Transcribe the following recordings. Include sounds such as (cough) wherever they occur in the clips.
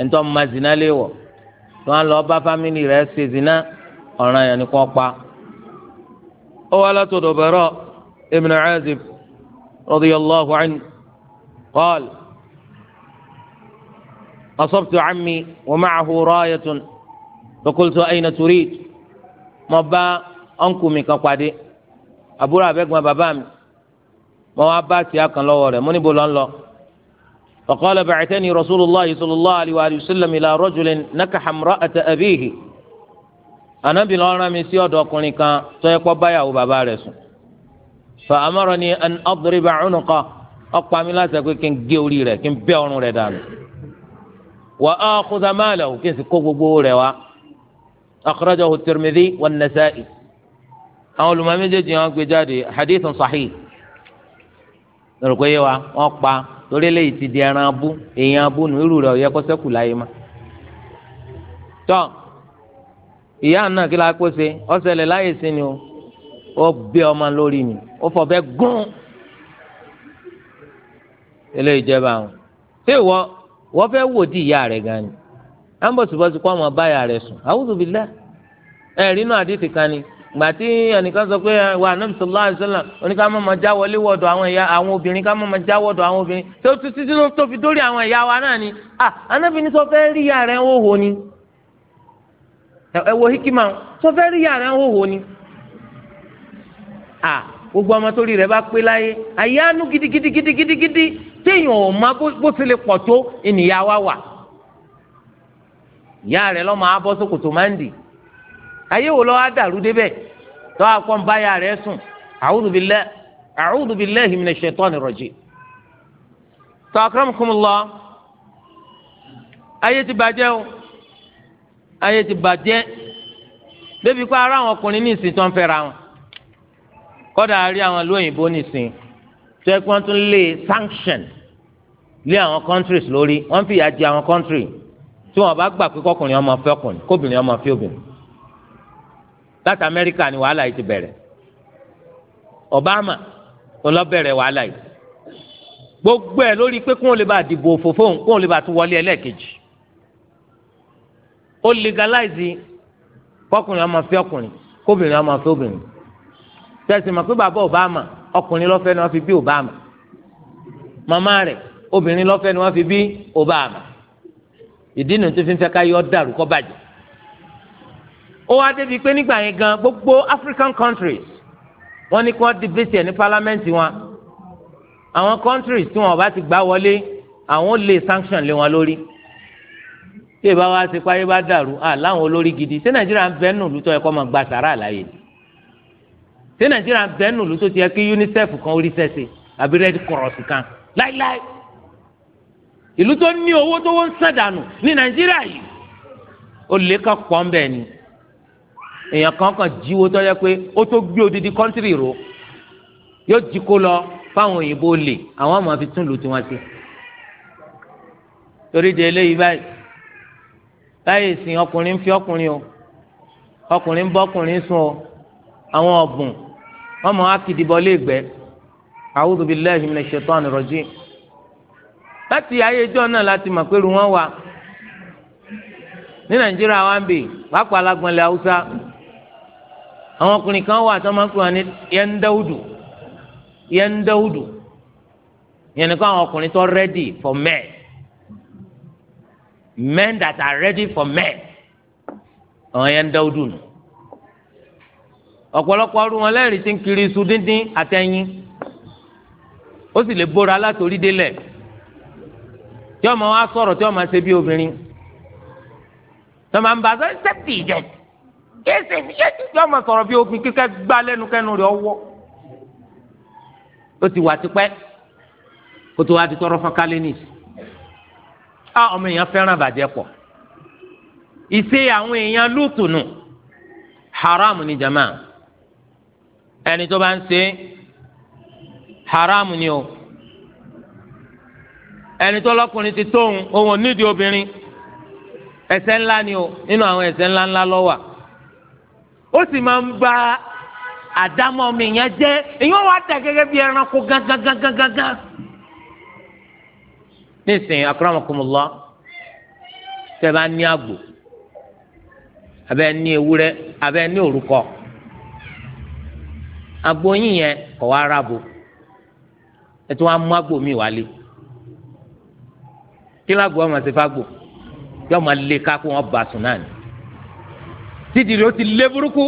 ẹ̀ńtọ́ ma zina lé wọ̀ wọ́n lọ bá fámìlì rẹ̀ ṣe zina ọ̀ràn yẹn ni kò pa. ó wá látọ̀dọ̀ Bara ibn Azib radiyallahu anhu qala asabtu ammi ahụ ma'ahu rayatun fakultu ayna turid mo bá ọ̀nkù mi kan pàdé àbúrò àbẹ́gbọ́n bàbá mi wá bá kan lọ́wọ́ rẹ̀ níbo فقال بعثني رسول الله صلى الله عليه وآله وسلم إلى رجل نكح امرأة أبيه Ànábì ló rán mi sí ọ̀dọ̀ ọkùnrin kan tó yẹ kó bá ìyàwó bàbá rẹ̀ sùn فأمرني أن أضرب عنقه ó pa mí láṣẹ pé kí n gé orí rẹ̀ kí n bẹ́ ọrùn rẹ̀ dànù وآخذ ماله kí n sì kó gbogbo rẹ̀ wá أخرجه الترمذي والنسائي àwọn olùmọ̀ méjèèjì wọ́n gbé jáde hadith sahih lórúkọ yé wa wọ́n pa torí eléyìí ti di ẹran abú èèyàn abú nu irú rẹ̀ ọ̀yẹ́ kọ́sẹ́kù láyé ma. tọ́ ìyá náà kí la kó ṣe ọ̀sẹ̀lẹ̀ láyè sí ni o ó bẹ ọmọ lórí mi ó fọ̀bẹ gún eléyìí jẹba àwọn. ṣé ìwọ wọ́n fẹ́ wò di ìyá rẹ̀ gan ni ambosibosi kọ́ ọmọ báyà rẹ̀ sùn àwùjọ bíi lẹ́ ẹ̀rínú àdìtì kan ni gbàtí ẹnìkan sọ pé eh, wà Ànábì sallallahu alaihi wasallam oníkà má máa já wọlé wọ̀dọ̀ àwọn ìyá àwọn obìnrin ká má máa já wọ̀dọ̀ àwọn obìnrin tó títí tó fi dórí àwọn ìyá wa náà ni à Ànábì ní sọ fẹ́ rí ìyá rẹ̀ ń hòhò ni ẹ wo hikima sọ fẹ́ rí ìyá rẹ̀ ń hòhò ni à gbogbo ọmọ tó rí rẹ̀ bá pé láyé àyánu gidigidi gidigidi téèyàn ò má bó ti lè pọ̀ tó ènìyàn wà ìyá rẹ̀ lọ́mọ abọ́ sókòtò máa ń dì ayé wo lọ́wọ́ dàrú débẹ̀ tọ́ akọ́ ń báyà rẹ̀ sùn a'udhu billahi a'udhu billahi minash shaitani rajim. tọ́ akramakumullah ayé ti bàjẹ́ o ayé ti bàjẹ́ débi kó ara àwọn ọkùnrin ní ìsìn tó ń fẹ́ra wọn kọ́dà rí àwọn lóyìnbó nìsín tó ẹ kí wọ́n tún lé sanction lé àwọn countries lórí wọ́n fìyà jẹ àwọn country tí wọ́n bá gbà pé kọkùnrin ọmọ fẹ́ ọkùnrin kóbìnrin ọmọ fẹ́ obìnrin láti amẹ́ríkà ni wàhálà yìí ti bẹ̀rẹ̀ obama ọlọ́bẹ̀rẹ̀ wàhálà yìí gbogbo ẹ̀ lórí pé kóun lè bá dìbò òfófó kóun lè bá tún wọlé ẹlẹ́ẹ̀kejì ó legalize kọkùnrin ọmọ fẹ́ ọkùnrin kóbìnrin ọmọ fẹ́ obìnrin tẹ̀sí mọ̀ pé bàbá obama ọkùnrin lọ́fẹ́ ni wọ́n fi bí obama mama rẹ̀ obìnrin lọ́fẹ́ ni wọ́n fi bí obama ìdí nu tó fi ń fẹ́ ká yọ ọ́ dàrú kọ́ bàjẹ́ ó wá débi pé nígbà yẹn gan gbogbo African countries wọ́n ní kí wọ́n debate ẹ̀ ní parliament wọn àwọn countries tí wọn ò bá ti gbá wọlé àwọn ò lè sanction lé wọn lórí tí ìbá wa ṣe páyé bá dàrú à láwọn olórí gidi ṣé nàìjíríà ń bẹ nù lùtọ́ ẹ̀kọ́ máa gba sàrà àlàyé ni ṣé nàìjíríà ń bẹ nù lùtọ́ ti yẹ kí UNICEF kan orí sẹ́sẹ̀ àbí Red Cross kan láíláí ìlú tó ní owó tó wọ́n ń sàdánù ní nàìjíríà yìí ó lè kàn pọ́ńbẹ́ ni èèyàn kan kan jíwó tó yẹ pé ó tó gbé odidi kọ́ńtírì ró yóò jí kó lọ fáwọn òyìnbó lè àwọn ọmọ fi tún lù tiwọn sí torí de eléyìí báyìí láyé ìsìn ọkùnrin ń fi ọkùnrin o ọkùnrin ń bọ́ ọkùnrin sùn o àwọn ọ̀bùn ọmọ akidibọ léègbé a'udhu billahi minash shaitani rajim láti ayéjọ́ náà láti mọ̀ pé irú wọn wà ní nàìjíríà wa ń bì pápá alágbọ̀nlé haúsá àwọn ọkùnrin kan wà tó máa ń pè ní yẹndéwùdù yẹndéwùdù yẹn ni kó àwọn ọkùnrin tó ready for men men that are ready for men àwọn yẹndéwùdù nù ọ̀pọ̀lọpọ̀ ọdún wọn lẹ́rìí ti ń kiri iṣu díndín àtẹ̀yìn ó sì lè bóra látòrí délẹ̀ tí ọmọ wa sọ̀rọ̀ tí ọmọ ṣe bí obìnrin tọ́mọ̀ ń bá a sọ ṣẹ́ẹ̀tì ìjẹ̀tì kéésì yóò máa sọ̀rọ̀ bí obìnrin kíkẹ́ gbá lẹ́nu kẹ́nu rẹ̀ ọwọ́ ó ti wà tipẹ́ kó tó wá di tọrọ fún kálínis á ọmọ èèyàn fẹ́ràn bàjẹ́ pọ̀ ìṣe àwọn èèyàn lùtùnù haram ni jama ẹni tó bá ń ṣe haram ni o ẹni tó lọ́kùnrin ti tóun òun ò nídìí obìnrin ẹ̀ṣẹ̀ ńlá ni o nínú àwọn ẹ̀ṣẹ̀ ńlá ńlá ló wà. ó sì máa ń ba àdámọ́ mi yẹn jẹ́ èyí wọ́n wá dà gẹ́gẹ́ bí ẹranko nísìnyí bá ní àgbò ní ní àgbò yín yẹn wá ẹ tún wá mú àgbò mi wálé kí lágbo ọmọ sí ká kó wọn bá sùn títí rẹ̀ ó ti lé burúkú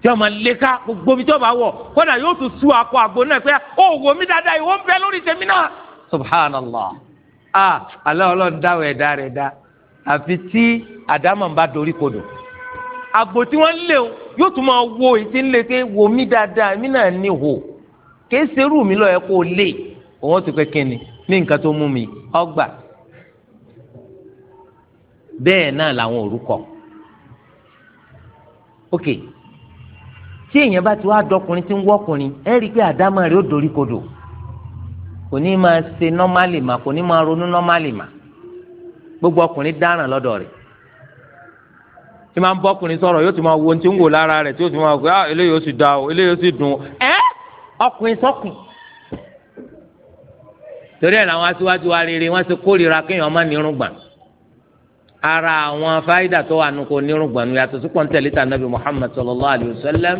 tí ọmọ léka gbogbo mi tí ọba wọ kódà yóò tún sú akọ àgbo náà pé ó wò mí dáadáa ìwọ ń bẹ lórí tèmi náà. subhanallah ah alẹ́ ọlọ́run dáwọ̀ ẹ̀dá rẹ̀ dá àfi tí àdámọ̀ ń bá dorí kodò àgbo tí wọ́n ń lé o yóò tún máa wo ètí ń lé pé wò mí dáadáa èmi náà ní hò kèé serú mi lọ́ọ́ yẹ kó lé òun ti pé kíni ní nǹkan tó mú mi ọgbà bẹ́ẹ̀ náà làwọn orúkọ ok tí èèyàn bá ti wá dọkùnrin tí ń wọkùnrin ẹ rí i pé àdámọ̀ rẹ̀ ó dorí kodò kò ní máa ṣe nọ́málì mà kò ní máa ronú nọ́málì mà gbogbo ọkùnrin dáràn lọ́dọ̀ rẹ̀ tí máa ń bọ́kùnrin sọ̀rọ̀ yóò ti máa wo ohun tí ń wò lára rẹ̀ tí yóò ti máa gbé ah eléyìí ó sì da o eléyìí ó sì dùn o ẹ́ ọkùnrin sọ́kùn torí ẹ̀ làwọn aṣíwájú wa rere wọ́n ti kórìíra kéèyàn má nírun ara àwọn fáyidà tó wà nùkó nírùngbọ̀n yàtọ̀ sí nàbì Muhammad sallallahu alayhi wa sallam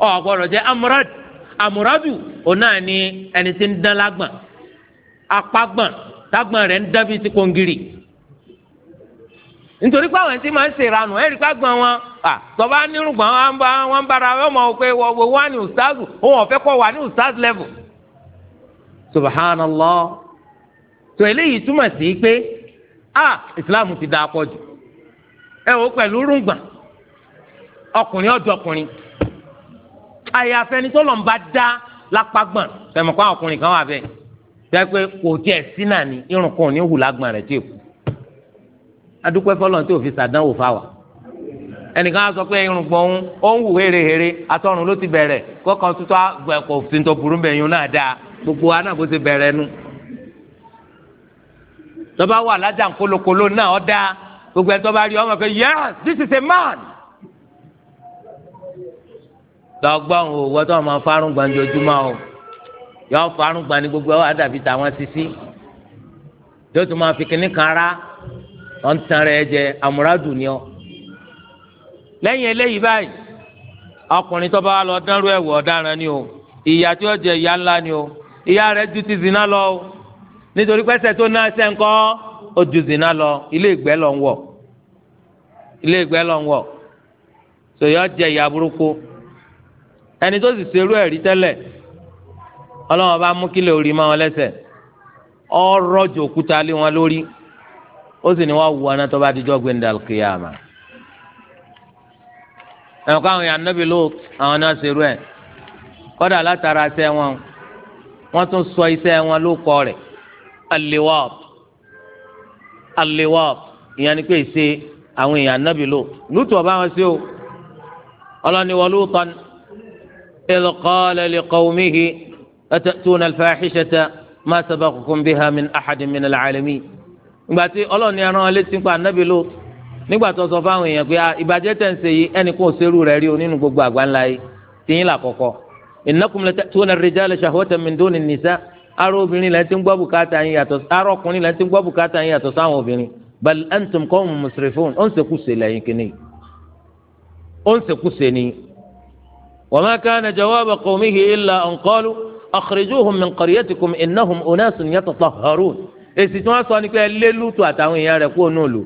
ọ̀ jẹ́ amúrad ni ẹni tí ń dán lágbọ̀n apágbọ̀n tágbọ̀n rẹ̀ ń dán bíi ti nítorí pé àwọn tí máa ń ṣèranù ẹ̀rí pàgbọ́n wọn tọ́ba nírùngbọ̀n wọn ń bára wọn mọ̀ pé wọ́n wà ní ustaz òun ọ̀fẹ́ kọ́ wà ní ustaz level subhanallah ah ìsìláàmù ti da pọ̀ jù ẹ wò pẹ̀lú rúngbà ọkùnrin ọ̀dọ̀ ọkùnrin àyàfẹ́ ni tọ́lọ̀ ń bá dá lápágbọ̀n tẹ̀mọ̀kọ́ àwọn ọkùnrin kan wà bẹ́ẹ̀ jẹ́ pé kò tiẹ̀ sí ni irun kan ò ní hù lágbọ̀n rẹ̀ tí ì kú adúpẹ́ fọlọ́n tí ẹnìkan á sọ pé irun gbọ̀n òun ó ń hù hérehère atọ́run ló ti bẹ̀rẹ̀ tuntun burú gbogbo tọ́ba wà lájà ńkólókóló náà ọ́ dáa gbogbo ẹ̀ tọ́ba rí ọmọ pé yes this is a man. lọ́gbọ́n o wọ́n tó máa farun gbanjojúmọ́ o yọ farun gban ní gbogbo ẹ̀ dàbí tàwọn sisi tó tún máa fi kíní kan rá ọ̀ ń tan rẹ̀ jẹ àmúradù ni ọ́. lẹ́yìn eléyìí báyìí ọkùnrin tọ́ba wa lọ dánrú ẹ̀wọ̀ ọ̀daràn ni o ìyá tí ó jẹ ìyá ńlá ni o ìyá rẹ̀ ju ti zina lọ o nítorí pẹ́sẹ̀ tó ná ẹsẹ̀ ńkọ́ ó ju zina lọ ilé ìgbẹ́ lọ ń wọ̀ ilé ìgbẹ́ lọ ń wọ̀ sòyọ́ jẹ ìyá burúkú ẹni tó sì serú ẹ̀rí tẹ́lẹ̀ ọlọ́wọ́n bá mú kílẹ̀ orí mọ́ wọn lẹ́sẹ̀ ọ̀rọ̀ jò òkúta lé wọn lórí ó sì ní wọ́n wù ọ́nà tó bá dijọ́ gbẹ̀ndàl kìyàmà ẹ̀wọ̀n káwọn èèyàn nábì ló àwọn náà serú ẹ̀ kọ́dà látara iṣẹ́ wọn wọ́n tún sọ iṣẹ́ wọn ló kọ́ rẹ̀ aliwab aliwab ìyẹn ni pé ṣe àwọn èèyàn nábì lò lùtù ọba wọn sí o ọlọ́ni walutan idh qala liqawmihi atatuna alfahishata ma sabaqakum biha min ahadin min alalamin ìgbàtí ọlọ́ni ẹran létí pa nábì lò nígbà tó sọ fáwọn èèyàn pé ah, ìbàjẹ́ tẹ̀ ń ṣe yìí ẹnì kan ò ṣerú rẹ̀ rí o nínú gbogbo àgbáńlá yìí tìyín là kọ̀kọ̀ innakum latatuna ar-rijala shahwatan min duni an-nisa' ara obìnrin lẹ́ẹ̀ tí ń gbọ́ bùkátà yín yàtọ̀ ara ọkùnrin lẹ́ẹ̀ tí ń gbọ́ bùkátà yín yàtọ̀ sáwọn obìnrin bal antum qawmun musrifun ó ń ṣekúṣe lẹ́yìn kìíní ó ń ṣekúṣe ni. wa ma kana jawaba qawmihi illa an qalu akhrijuhum min qaryatikum innahum unasun yatatahharun èsì tí wọ́n sọ ni pé lé lùtù àtàwọn èèyàn rẹ̀ kú ònú òlù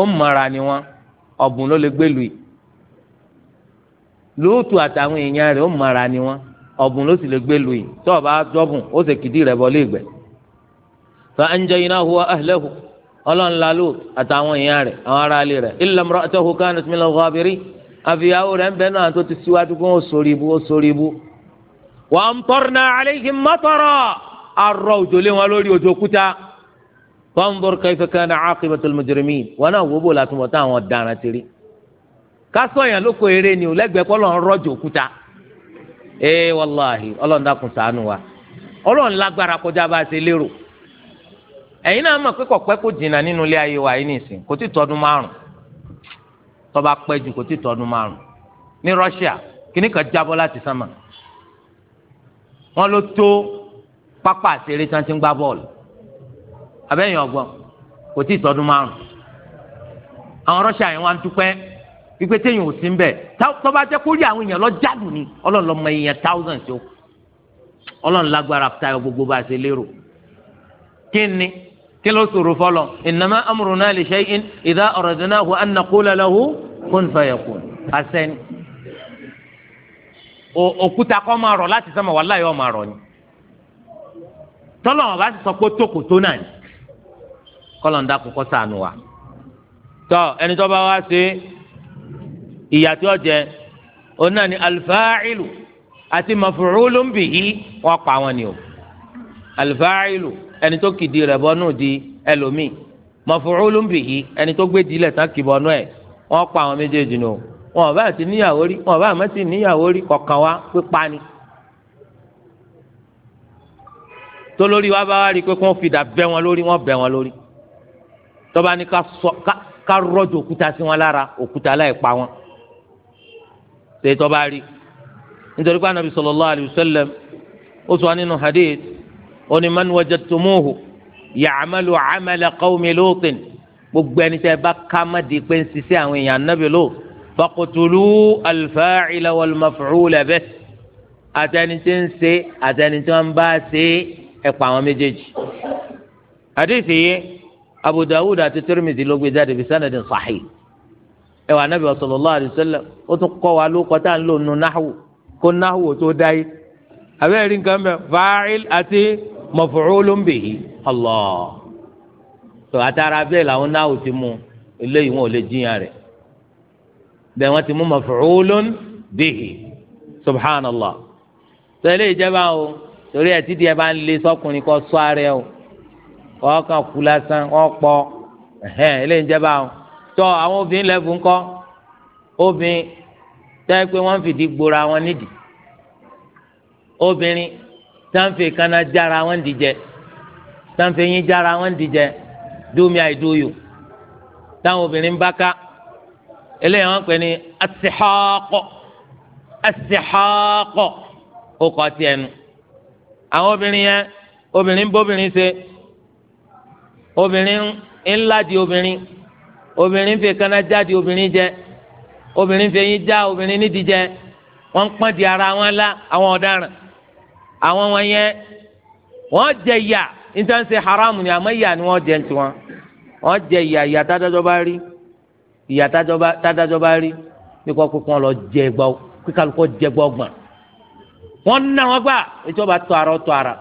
ó ń mara ni wọ́n ọ̀bùn ọ̀bùn ló sì lè gbé lu yìí tó o bá dọ́bùn ó sì kìdí rẹ̀ bọ́ léègbẹ́. fa anjaynahu wa ahlahu ọlọ́run lálù àtàwọn èèyàn rẹ̀ àwọn ará ilé rẹ̀ illa imra'atahu kanat minal ghabirin àfìyàwó rẹ̀ ń bẹ náà tó ti síwájú kó o sórí ibu o sórí ibu. wa amtarna alayhim matara arọ òjò lé wọn lórí òjò kúta fanzur kayfa kana aqibatul mujrimin wọn náà wọ́bọ̀ látúmọ̀ táwọn ọ̀daràn ti rí. kásọ̀ yẹn lóko eré ni ò lẹ́gbẹ̀ẹ́ kọ́ lọ́n rọ́jò kúta. ee wàláhì ọlọ́run dákun ṣàánú wa ọlọ́run lágbára kọjá bá a ṣe lérò ẹ̀yin náà mọ̀ pé kọ̀pẹ́ kò jìnnà nínú ilé ayé wa yìí nìsín kò tí tọdún márùn pẹ́ kò tí tọdún márùn ní Russia kìnnì kan jábọ́ láti sánmà wọ́n ló tó pápá àṣeré tí wọ́n ti ń gbá bọ́ọ̀lù ọgbọ́n kò Russia wípé téèyàn ò sí ń bẹ̀ tọ́ba jẹ́ kó rí àwọn èèyàn lọ jáde ni ọlọ́run lọ́mọ èèyàn thousand tó ọlọ́run lágbára tayọ gbogbo bá a ṣe lérò kí ni kí ló ṣòro fọlọ innama amruna li shay'in idha aradnahu an naqula lahu kun fayakun asẹ́ni òkúta kọ́ máa rọ̀ láti sẹ́mọ̀ wàhálà yóò máa rọ̀ ni tọ́lọ̀ ọ̀bá ti sọ pé tókò tó náà ni kọ́lọ̀ ń dákun kọ́ sànù wa tọ́ ẹni tó bá wá ṣe ìyà tí ó jẹ òun náà ni alfa'ilu àti maf'ulun bihi wọ́n pa wọn ni o alfa'ilu ẹni tó kìdí rẹ̀ bọ́nú di ẹlòmíì maf'ulun bihi ẹni tó gbé dilẹ̀ tán kì ẹ̀ wọ́n pa àwọn méjèèjì ni o wọn bá ti níyàwó rí wọn bá àmọ́ ti níyàwó rí kọ̀ọ̀kan wa pé pa ni. tolórí wa bá wá rí i pé kí wọ́n fìdá bẹ́ wọn lórí wọ́n bẹ́ wọn lórí tọ́ba ni ká rọ́jò òkúta sí wọn lára òkúta láì pa wọn tèyí tó bá rí nítorí pé anabi sallallahu alayhi wa sallam ó sọ nínú hadith oní man wajadtumuhu ya'malu 'amala qawmi Lutin gbogbo ẹni tẹ́ bá ká má di pé ń ṣiṣẹ́ àwọn èèyàn anabi Lut faqtulu al-fa'ila wal-maf'ula bih àtẹni tí ń ṣe àtẹni tí wọ́n bá ṣe ẹ àwọn méjèèjì hadith yìí Abu Dawud àti Tirmidhi ló gbé jáde bí sanadin sahih. ẹwà anabi sallallahu alaihi ó tún kọ́ wa lóko tá à ń lò nù náhù kó náhù tó dá yìí abẹ́rẹ́ nǹkan mẹ́ bihi Allah tó àtàrà bẹ́ẹ̀ làwọn náhù ti mú eléyìí wọn ò lè ti mú bihi subhanallah tó eléyìí torí di ẹ bá ń ara o ọ kàn kú lásán tọ àwọn obìnrin lẹ́bùn kọ́ obìnrin tẹ́ pé wọ́n ń fìdí gbora wọn nídìí obìnrin tánfẹ̀ kaná jára wọn dìjẹ tánfẹ̀ yín jára wọn dìjẹ dúmi àìdúyò táwọn obìnrin bá ká eléyìí wọn pè ní asèxọ́kọ́ asèxọ́kọ́ ó kọ́ tiẹ̀ nu àwọn obìnrin yẹn obìnrin bóbìnrin ṣe obìnrin ńlá di obìnrin obìnrin fi kaná jáde obìnrin jẹ obìnrin fi eyín já obìnrin nídìí jẹ wọn pọ́n di ara wọn la àwọn ọ̀daràn àwọn wọn yẹn wọn jẹ ìyà níta ń ni àmọ́ ìyà ni wọ́n jẹ tiwọn wọ́n jẹ ìyà ìyà tádájọ́ bá rí ìyà tádájọ́ bá rí bí kò kó kàn lọ jẹ gbọ́ kíkàlùkọ́ jẹ gbọ́ gbọ̀n wọ́n ná wọn gbà ìjọba tó ara tó ara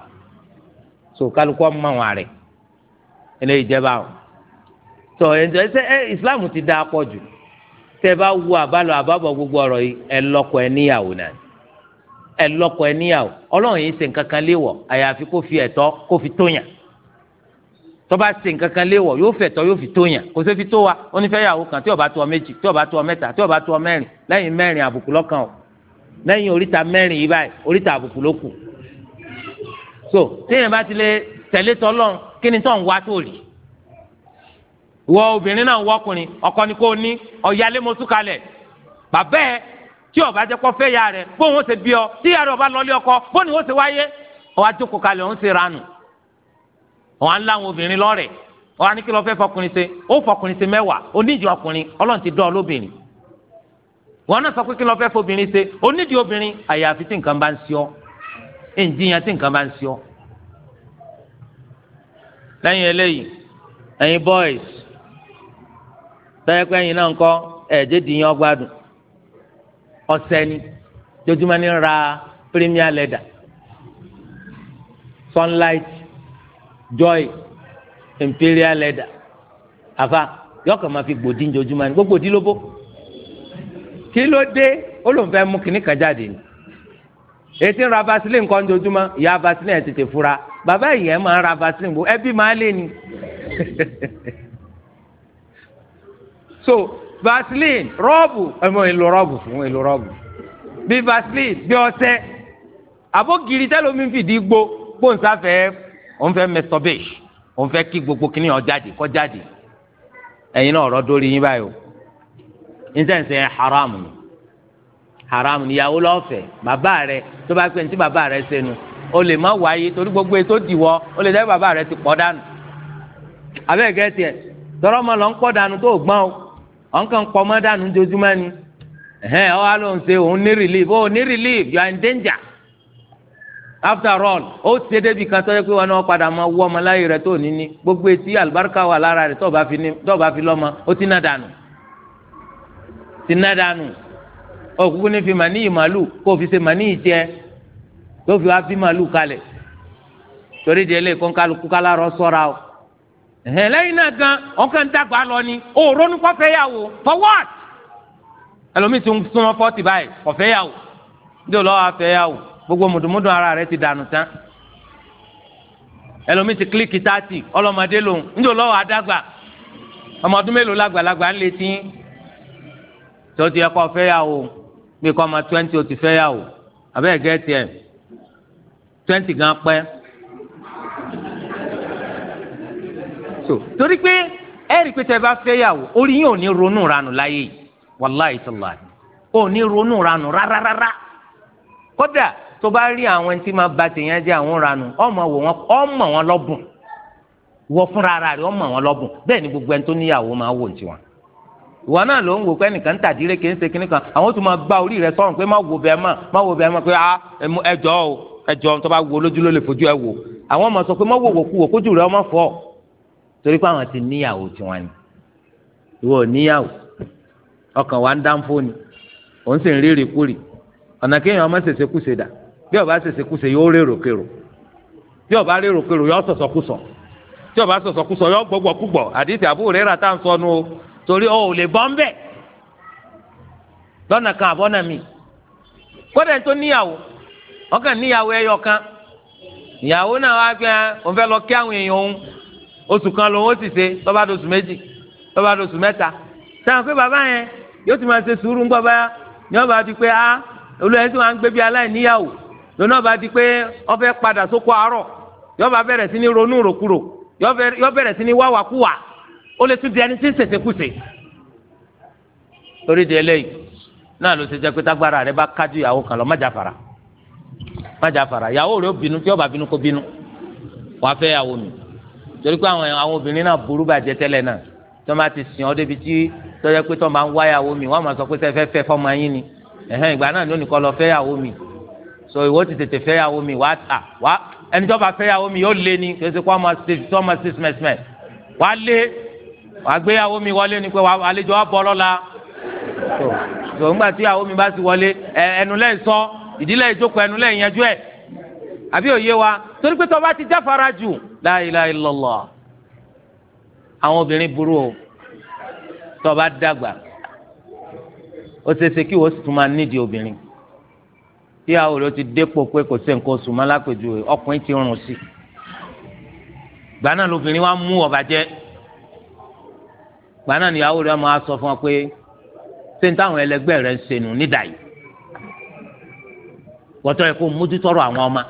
so kálukọ́ mọ̀ wọn rẹ̀ eléyìí jẹ́ báwọn tọ ẹnjọ ẹsẹ ẹ islam ti dáa pọ̀ jù tẹ bá wo àbálọ àbábọ̀ gbogbo ọ̀rọ̀ yìí ẹ lọ́kọ ẹ níyàwó náà ẹ lọ́kọ ẹ níyàwó Ọlọ́run yìí ṣe nǹkan kan léèwọ̀ àyàfi kó fi ẹ̀tọ́ kó fi tóyàn tó bá ṣe nǹkan kan léèwọ̀ yóò fẹ̀tọ́ yóò fi tóyàn kò sí fi tó wa onífẹ̀yàwó kan tí ó tó ọ méjì tí ó tó ọ mẹ́ta tí ó tó ọ mẹ́rin lẹ́yìn mẹ́rin àbùkù lọ́kàn o lẹ́yìn oríta mẹ́rin yìí báyìí oríta àbùkù ló kù so téèyàn bá ti lè tẹ̀lé tọ́lọ́run kí ni tó ń wá tó rí wọ obìnrin náà wọkùnrin ọkọ ni kò ní ọ̀yálé mo tú kalẹ̀ bàbá ẹ tí ọba jẹ kó fẹ́ ya rẹ bóun ṣe bí ọ tí ya rẹ ọba lọlé ọkọ ó ṣe wáyé ọwọ́ àjòkò kalẹ̀ òun ṣe ranù ọwọ́ ńlá obìnrin lọ́rẹ̀ ọwọ́ àníkí fọkùnrin ṣe ó fọkùnrin ṣe onídìí ọkùnrin ti wọn náà sọ pé kí lọ fẹ́ fobìnrin ṣe onídìí obìnrin àyàfi tí nǹkan bá ń tí nǹkan bá ń tọ́yẹ pé ẹ̀yin náà ń kọ́ ẹ̀ẹ́dẹ́ dìyàn ọgbádùn ọ̀sẹ̀ ni jojúmọ́ ní ra premier leather sunlight joy imperial leather àfa yọkàn máa fi gbòdì jojúmọ́ ní gbogbo òdìlóbó kí ló dé ó lòun fẹ́ mú kínní kan jáde ni ètí ń ra vaseline kan jojúmọ́ ìyá vaseline ẹ̀ tètè fura bàbá ìyẹn máa ń ra vaseline bò ẹbí máa lé ni. (laughs) so vaseline rọ́ọ̀bù ẹ̀mọ èlò rọ́ọ̀bù fún èlò rọ́ọ̀bù bí vaseline bí ọṣẹ àbógiri tẹ́lómi fìdí gbó gbóǹsáfẹ́ òun fẹ́ mẹsọ̀bẹ́ẹ̀ òun fẹ́ kí gbogbo kínní ọ̀jáde kọ́jáde ẹ̀yin náà ọ̀rọ̀ dórí yín báyìí o nísẹ̀nsẹ̀ haram ni haram ni ìyàwó lọ́fẹ̀ẹ́ bàbá rẹ tó bá pẹ́ ní tí bàbá rẹ ṣe nu o lè má wáyé torí gbogbo ètò ìdìwọ́ o lè dẹ́ bàbá rẹ ti pọ̀ dànù abẹ́ẹ̀kẹ́ tiẹ̀ tọ́rọ́ mọ́ lọ ń pọ̀ dànù tó gbọ́n o ọ̀n kàn pọ̀ mọ́ dànù jojúmọ́ ni ẹ̀hẹ́n ọ̀ wá ló ń ṣe òun ní relief ó ní relief you are in danger after all ó ṣe débi kan sọ́jọ́ pé wọn náà padà máa wọ́ ọmọ láyé rẹ̀ tó ní ní gbogbo etí àlùbáríkà wà lára rẹ̀ tó bá fi lọ́mọ ó ti ná dànù ti ná dànù òkùnkùn ní fi màníyì màlù kó o fi ṣe màníyì jẹ tó fi wá fi màlù kalẹ̀ torí di eléyìí kó ń kálukú kálárọ̀ sọ́ra o ẹ̀hẹ́n lẹ́yìn náà gan ọ̀kan dàgbà lọ ni ó ronú kó yàwó for what ẹlòmíì ti súnmọ́ fọ́ọ̀tì báyìí gbogbo mùdùmùdù ara rẹ ti dànù tán ẹlòmíì ti kílíkì tààtì ọlọ́mọdé lòun ndé olówó adágbà ọmọ ọdún mélòó làgbàlagbà ń létí tó ti yẹ kó yàwó ọmọ twenty gan pẹ́ so torí pé ẹ̀rí pé tẹ́ bá fẹ́ yàwó orí yín ò ní ronú ranù láyé yìí wàláyé tó láyé ò ní ronú ranù rárárárá kódà tó bá rí àwọn ẹni tí máa ba tèèyàn jẹ́ àwọn ranù ọmọ wò wọn ọmọ wọn lọ́bùn wọ fúnra ara rẹ̀ ọmọ wọn lọ́bùn bẹ́ẹ̀ ni gbogbo ẹni tó níyàwó máa wò tiwọn ìwọ náà ló ń wò pé ẹnìkan ń tàdílé kì í ṣe kíní kan àwọn tó máa gbá orí rẹ̀ sọrùn pé má wò bẹ́ẹ̀ mọ́ má wò bẹ́ẹ̀ mọ́ pé ah, ẹjọ́ ẹjọ́ tó bá wo lójú ló lè fojú ẹ wò àwọn ọmọ sọ pé má wò wò kú wò kójú rẹ̀ ọmọ fọ́ torí pé àwọn ti níyàwó tiwọn ni ìwọ níyàwó ọkàn wa ń dá fóònù òun sì ń rírì kúrì ọ̀nà kéèyàn ọmọ ṣèṣe dà bí ọba ṣèṣe kúṣe yóò rérò kérò bí ọba rérò kérò yóò sọ̀sọ̀ kúsọ̀ tí ọba sọ̀sọ̀ àdìsí àbúrò rẹ̀ rà o torí o ò lè oṣù kan lòun ó sì ṣe tó bá doṣù méjì tó bá doṣù mẹ́ta sẹ́wọ̀n pé bàbá yẹn yóò ti máa ṣe sùúrù ń gbọ́ bá ní ọba ti pé a ah, olóyè tí wọ́n á ń gbé bí aláìníyàwó lónà ọba ti pé ọfẹ́ padà sóko àárọ̀ yọba bẹ̀rẹ̀ sí ní ronú ròkúrò yọ bẹ̀rẹ̀ sí ní wáwàkúwà ó lè tún di ẹni tí ń ṣèṣekúṣe torí di eléyìí náà ló ṣe jẹ́ pé tágbára rẹ bá kájú ìyàwó kan lọ májà fara májà fara ìyàwó rẹ ó bínú tí ọba bínú kó bínú wàá fẹ́ ìyàwó mi torí pé àwọn àwọn obìnrin náà burú bàjẹ́ tẹ́lẹ̀ náà tó máa ti sìn ọ́ débi tí tọ́jà pé tó máa ń wáyàwó mi wọ́n máa sọ pé sẹ́ fẹ́ fẹ́ fọ́mọ yín ni ẹ̀hẹ́n ìgbà náà lónìí kọ́ lọ fẹ́yàwó mi so ìwọ ti tètè fẹ́yàwó mi wá tà wá ẹni tó bá fẹ́yàwó mi yóò lé ni kí ẹsẹ̀ kó ọmọ sí mẹ́sìmẹ́ wá lé wá gbéyàwó mi wọlé ni pé wá àlejò wá lọ́la so ńgbà tí yàwó mi bá ti wọlé ẹnu lẹ́yìn sọ ìdílé ìjókòó ẹnu lẹ́yìn yanjú àbí òye wa torí pé tọba ti jáfara jù la ilaha illallah àwọn obìnrin burú o tọba dàgbà ó ṣeéṣe kí wọ́n sì tún máa nídìí obìnrin tí àwọn olè ti dépò pé kò sí nǹkan oṣù mọ́ ọkùnrin ti rùn sí gbaná lobìnrin wa mú ọba jẹ gbaná níyàwó rẹ máa sọ fún ọ pé ṣé n táwọn ẹlẹgbẹ́ rẹ ń ṣe nù nídàá yìí wọ́tọ́ yẹ kó mójútọ́rọ̀ àwọn ọmọ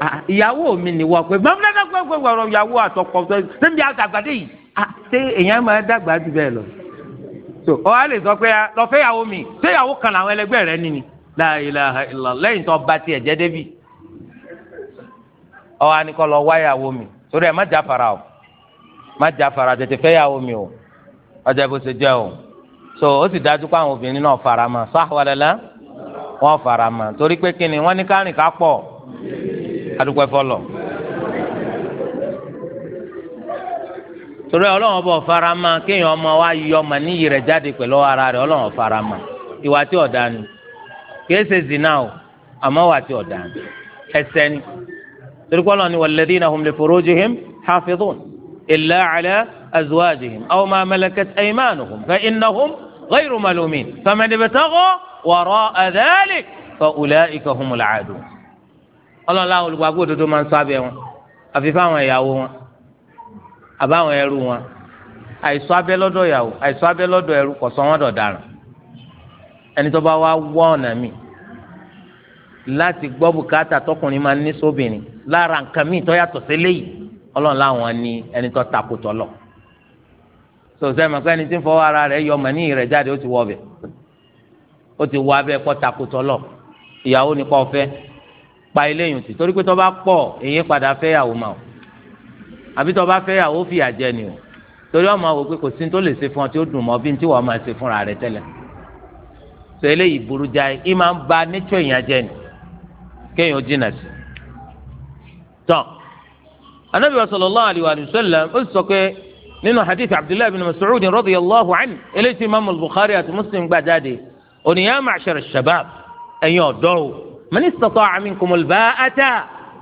Ah, ìyàwó mi ni wọ́n pé mọ́mílẹ́ náà gbọ́dọ̀ gbọ́dọ̀ ìyàwó àtọkọ sẹ́mi àgbàdé yìí ah, ṣé èèyàn máa dàgbà jù bẹ́ẹ̀ lọ. so ọ á lè sọ pé ah, lọ́fẹ́ ìyàwó mi ṣé ìyàwó kan làwọn ẹlẹgbẹ́ rẹ ní ni lẹ́yìn tó bá tiẹ̀ jẹ́ débi. ọ á ní kọ́ lọ wá ìyàwó mi torí ẹ má já fara o má já fara tètè fẹ́ ìyàwó mi o ọjà bó ṣe jẹ́ o so ó sì dájú pé àwọn obìnrin náà fara mọ́ sáà wàlẹ́lẹ́ wọ́n fara mọ́ torí pé kíni wọ́n ní kárìn ká pọ̀ adúgbò ẹ̀fọ́lọ̀ torí ọlọ́run ọba ọ̀farama kéèyàn ọmọ wa yọ ọmọ níyì rẹ̀ jáde pẹ̀lú ara rẹ̀ fara ma ìwà tí ọ̀dà ni kìí ṣe zina o àmọ́ wà tí ọ̀dà ni ẹ̀ṣẹ̀ ni torí pé ọlọ́run ni walladhina hum li furujihim hafidhun illa ala azwajihim aw ma malakat aymanuhum fa innahum ghayru malumin faman ibtagha wara'a dhalik fa ulaika humul aadun. ọlọ́lá olùgbàgbọ́ òdodo máa ń ṣọ́ abẹ́ wọn àfi fáwọn ìyàwó wọn àbáwọn ẹrú wọn àìṣọ́ abẹ́ lọ́dọ̀ ìyàwó àìṣọ́ abẹ́ lọ́dọ̀ ẹrú kò sọ wọ́n dọ̀daràn ẹni tó bá wá wọ ọ̀nà mi láti gbọ́ bùkátà tọkùnrin máa ń ní sóbìnrin lára nǹkan míì tó yàtọ̀ sí léyìí ọlọ́run láwọn ní ẹni tó takùtọ̀ lọ sọ̀sẹ́ mọ̀ pé ẹni tí ń fọwọ́ ara rẹ̀ yọ ọmọ ní ìrẹ̀ jáde ó ti wọ ọbẹ̀ ó ti wọ abẹ́ pọ́ takùtọ̀ lọ ìyàwó ni kò fẹ́ pa eléyìí tì torí pé tó bá pọ̀ èyí padà fẹ́ yàwó ma o àbí tó bá fẹ́ yàwó fìyà jẹ ni o torí ọmọ wò pé kò sí tó lè ṣe fún ọ tí ó dùn mọ́ bí tí wọ́n máa ṣe fúnra rẹ tẹ́lẹ̀ sọ eléyìí burú jáì í máa ń ba nature èèyàn jẹ ni kéèyàn ó jìnà sí tán anabi sallallahu alayhi wa sallam ó sọ pé hadith abdullahi bin mas'ud radiyallahu anhu eléyìí imaamu bukhari àti muslim gbà jáde ònìyàn shabab ẹ̀yin ọ̀dọ́ man istata'a minkumul ba'ata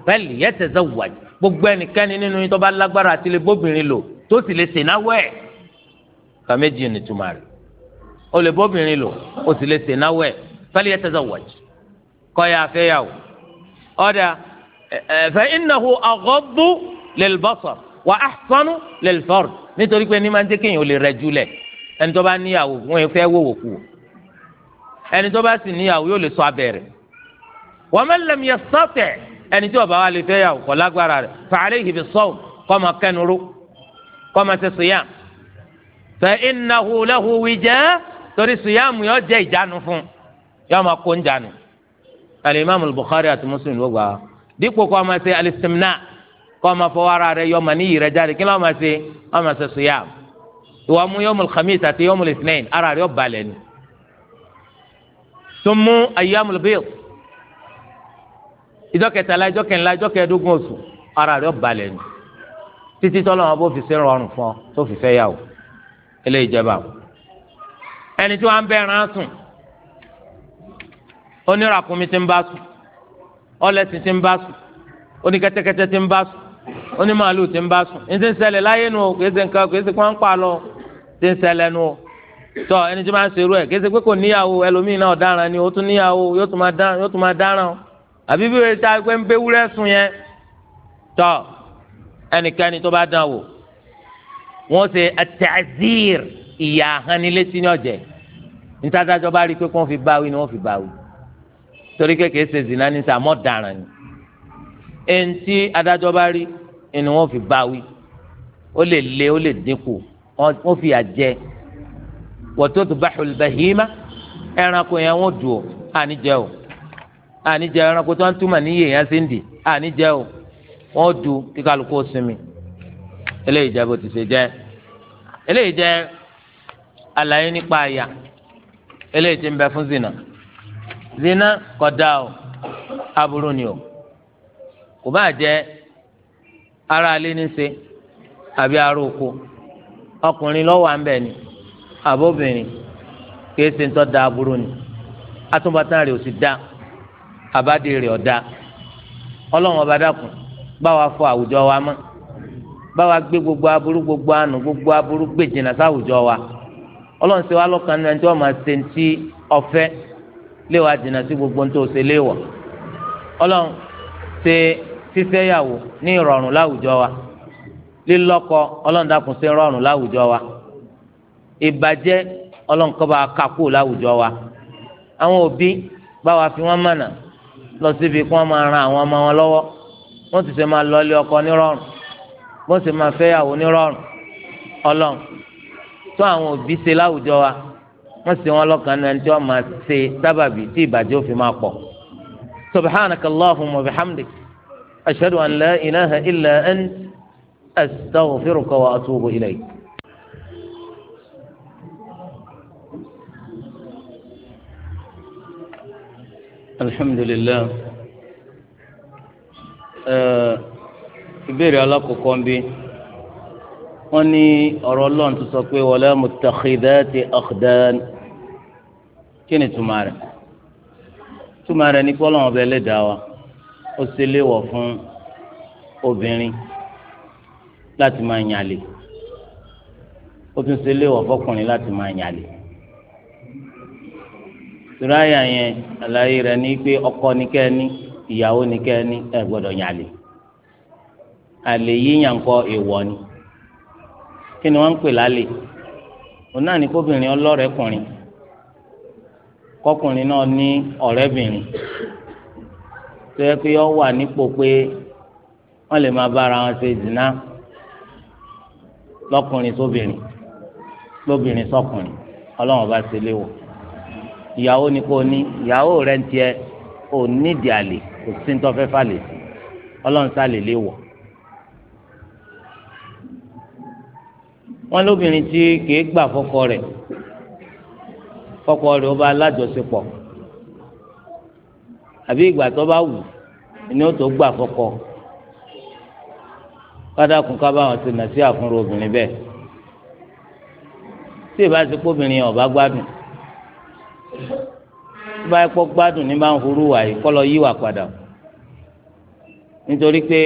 falyatazawwaj gbogbo ẹnikẹ́ni nínú yín tó bá lágbára àti lè bóbìnrin lò tó sì lè sènáwó ẹ̀ ká méjì ní túmọ̀ rẹ̀ ó lè bóbìnrin lò ó sì lè sènáwó ẹ̀ falyatazawwaj kọ́ya afẹ́yàwó ọ̀dà fa innahu aghaddu lil basar wa ahsanu lil fard nítorí pé ní máa ń jẹ́ kéèyàn ò lè rẹjú lẹ̀ ẹni tó bá níyàwó wọn fẹ́ wòwòkú ẹni tó bá sì níyàwó yóò lè sọ abẹ́rẹ́ wa man lam yastati' ẹni tí ó bá wá lè fẹ́ yàwó kò lágbára rẹ̀ fa alayhi bis-sawm kó máa kẹnuru kó máa ṣe siyam fa innahu lahu wija torí siyam yóò jẹ́ ìjánu fún yóò máa kó ń jánu alimami Bukhari àti Muslim ló gbà dípò kó máa ṣe alistimna kó máa yọ máa ní ìrẹ́ jáde kí ló máa ṣe ó máa ṣe ìwà mú yawmul khamis àti yawmul ithnain ara rẹ̀ yóò balẹ̀ ni tó mú ayyamul ìjọ kẹtàlá ìjọ kẹńlá ìjọ oṣù ara rẹ̀ balẹ̀ ni títí tọ́lọ́ wọn bó fi rọrùn fún ọ tó fi fẹ́ yà wò eléyìí jẹba o ẹni tí wọn ń bẹ̀rẹ̀ sùn ti ń bá sùn ọlẹ́sìn ti ń bá sùn oníkẹ́tẹ́kẹ́tẹ́ ti ń bá sùn onímàálù ti ń bá sùn ní ti ń ṣẹlẹ̀ láyé nu o kì í ṣe nǹkan kì í ṣe kí wọ́n ń pa lọ ti ń o tọ ẹni tí wọ́n ń ṣerú ẹ̀ kì í ṣe o. àbí bí wọ́n ta pé ń bẹ wúrẹ́ sùn yẹn tọ ẹnikẹ́ni tó bá dán wò wọ́n ṣe àtàzír ìyá ahanilétí ní ọ̀jẹ̀ nítadájọ́ bá rí i pé kí wọ́n fi báwí ni wọ́n fi báwí torí kékeré ṣe zina ní sàmọ́ dàrán ni ẹni tí adájọ́ bá rí ni wọ́n fi báwí ó lè lé ó lè dínkù wọ́n fi àjẹ wọ́n tó tó bá xulbẹ̀hìmá ẹranko yẹn wọ́n dùn ó àníjẹ́ o. àníjẹ ẹranko tó ń túmọ̀ níyè yẹn ṣe ń dì o du kí sinmi eléyìí jẹ́ bó ti ṣe jẹ́ eléyìí jẹ́ àlàyé nípa àyà eléyìí ti zina zina kọda o aburú ni o kò bá jẹ ara alé ní ṣe àbí ara oko ọkùnrin lọ́wọ́ à ń bẹ̀ ni àbóbìnrin kì da àbádé rẹ̀ ọ̀dà ọlọ́run ọba dákun bá wa fọ àwùjọ wa mọ́ bá wa gbé gbogbo aburú gbogbo àánú gbogbo aburú gbé jìnnà sáwùjọ wa ọlọ́run ṣe wá lọ́kàn náà tí wọ́n máa ṣe ti ọ̀fẹ́ lé wa jìnnà sí gbogbo ohun tó ṣe léèwọ̀ ọlọ́run ṣe fífẹ́yàwó ní ìrọ̀rùn láwùjọ wa lílọ́kọ ọlọ́run dákun ṣe rọ̀rùn láwùjọ wa ìbàjẹ́ ọlọ́run kó bá wa kakú láwùjọ wa àwọn òbí bá fi wọ́n mọ̀nà lọ síbi kí wọ́n máa ran àwọn ọmọ wọn lọ́wọ́ wọ́n ti ṣe máa lọ́ọ́lé ọkọ nírọ̀rùn wọ́n sì máa fẹ́yàwó nírọ̀rùn ọlọ́run tó àwọn òbí ṣe láwùjọ wa wọ́n sì wọ́n lọ́kàn náà tí wọ́n máa ṣe sábàbí tí ìbàjẹ́ òfin máa pọ̀ subhanaka allahumma wa bihamdik ashhadu an la ilaha illa ant astaghfiruka wa atubu ilayk. الحمد لله ìbéèrè alákọ̀ọ́kọ́ ń bí wọ́n ní ọ̀rọ̀ ọlọ́run tó sọ pé wala muttakhidhati akhdan kí ni túmọ̀ rẹ̀ túmọ̀ rẹ̀ ní pọ́lọ́wọ́n ọba ẹlẹ́dàá wa ó ṣe léwọ̀ fún obìnrin láti máa yàlè ó tún ṣe léwọ̀ fọkùnrin láti máa yàlè turaya yẹn àlàyé rẹ̀ ní pé ọkọ ní kẹ́ni ìyàwó ní kẹ́ni ẹ gbọ́dọ̀ yàn àlè àlè yíyàn kọ ni kí ni wọ́n ń pè lálè òun náà ní kóbìnrin ọlọ́rẹ̀ẹ́kùnrin kọkùnrin náà ní ọ̀rẹ́bìnrin tó yẹ pé ó wà nípò pé wọ́n lè máa bára wọn ṣe zina lọ́kùnrin sóbìnrin lóbìnrin sọ́kùnrin ọlọ́run bá ṣe léwọ̀ ìyàwó ni kò ní ìyàwó rẹ̀ ń tiẹ̀ ò nídìí àlè kò sí ní tọ́fẹ́ falè sí ọlọ́run sálè lè wọ̀. wọ́n lóbìnrin tí kìí gbà fọ́kọ rẹ̀ fọ́kọ rẹ̀ ó bá alájọṣepọ̀ àbí ìgbà tó bá wù ni ó tó gbà fọ́kọ kádàkùn ká báwọn ti nà sí àfúnrò obìnrin bẹ́ẹ̀ tí ìbá ti kóbìnrin ọ̀bá gbádùn. tó bá yẹ kó gbádùn ní bá ń hurú wà yìí kó lọ yíwà padà nítorí pé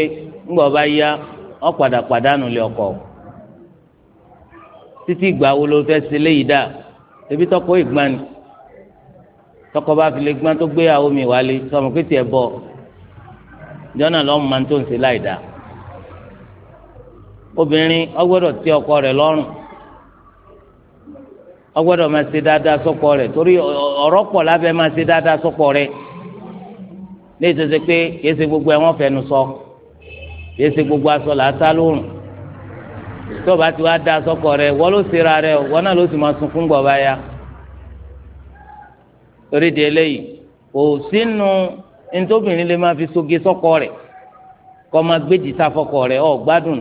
ńgbà ọba yá ọ padà pàdánù lé ọkọ títí ìgbà wo ló fẹ́ ebi tọkọ ìgbani tọkọ bá fi lè gbọ́n tó gbéyàwó omi wálé sọmọ pé tiẹ̀ bọ̀ jọ́nà lọ́mọ máa ń tó ń láì ọkọ lọ́rùn ọgbọ́dọ̀ máa ṣe dáadáa sọ́kọ rẹ̀ torí ọ̀rọ̀ pọ̀ lábẹ́ máa ṣe dáadáa sọ́kọ rẹ̀ ní ìtòsí pé kìí ṣe gbogbo ẹ̀ wọ́n fẹnu sọ kìí ṣe gbogbo aṣọ là á sá lóòrùn tó bá ti wá da sọ́kọ rẹ̀ wọ́n ló ṣera rẹ̀ wọ́n náà ló sì máa sunkún gbọ̀ ya torí di eléyìí kò sínú ntóbìnrin lè máa fi soge sọ́kọ rẹ̀ kọ́ máa gbé jìtá fọ́kọ rẹ̀ ọ̀ gbádùn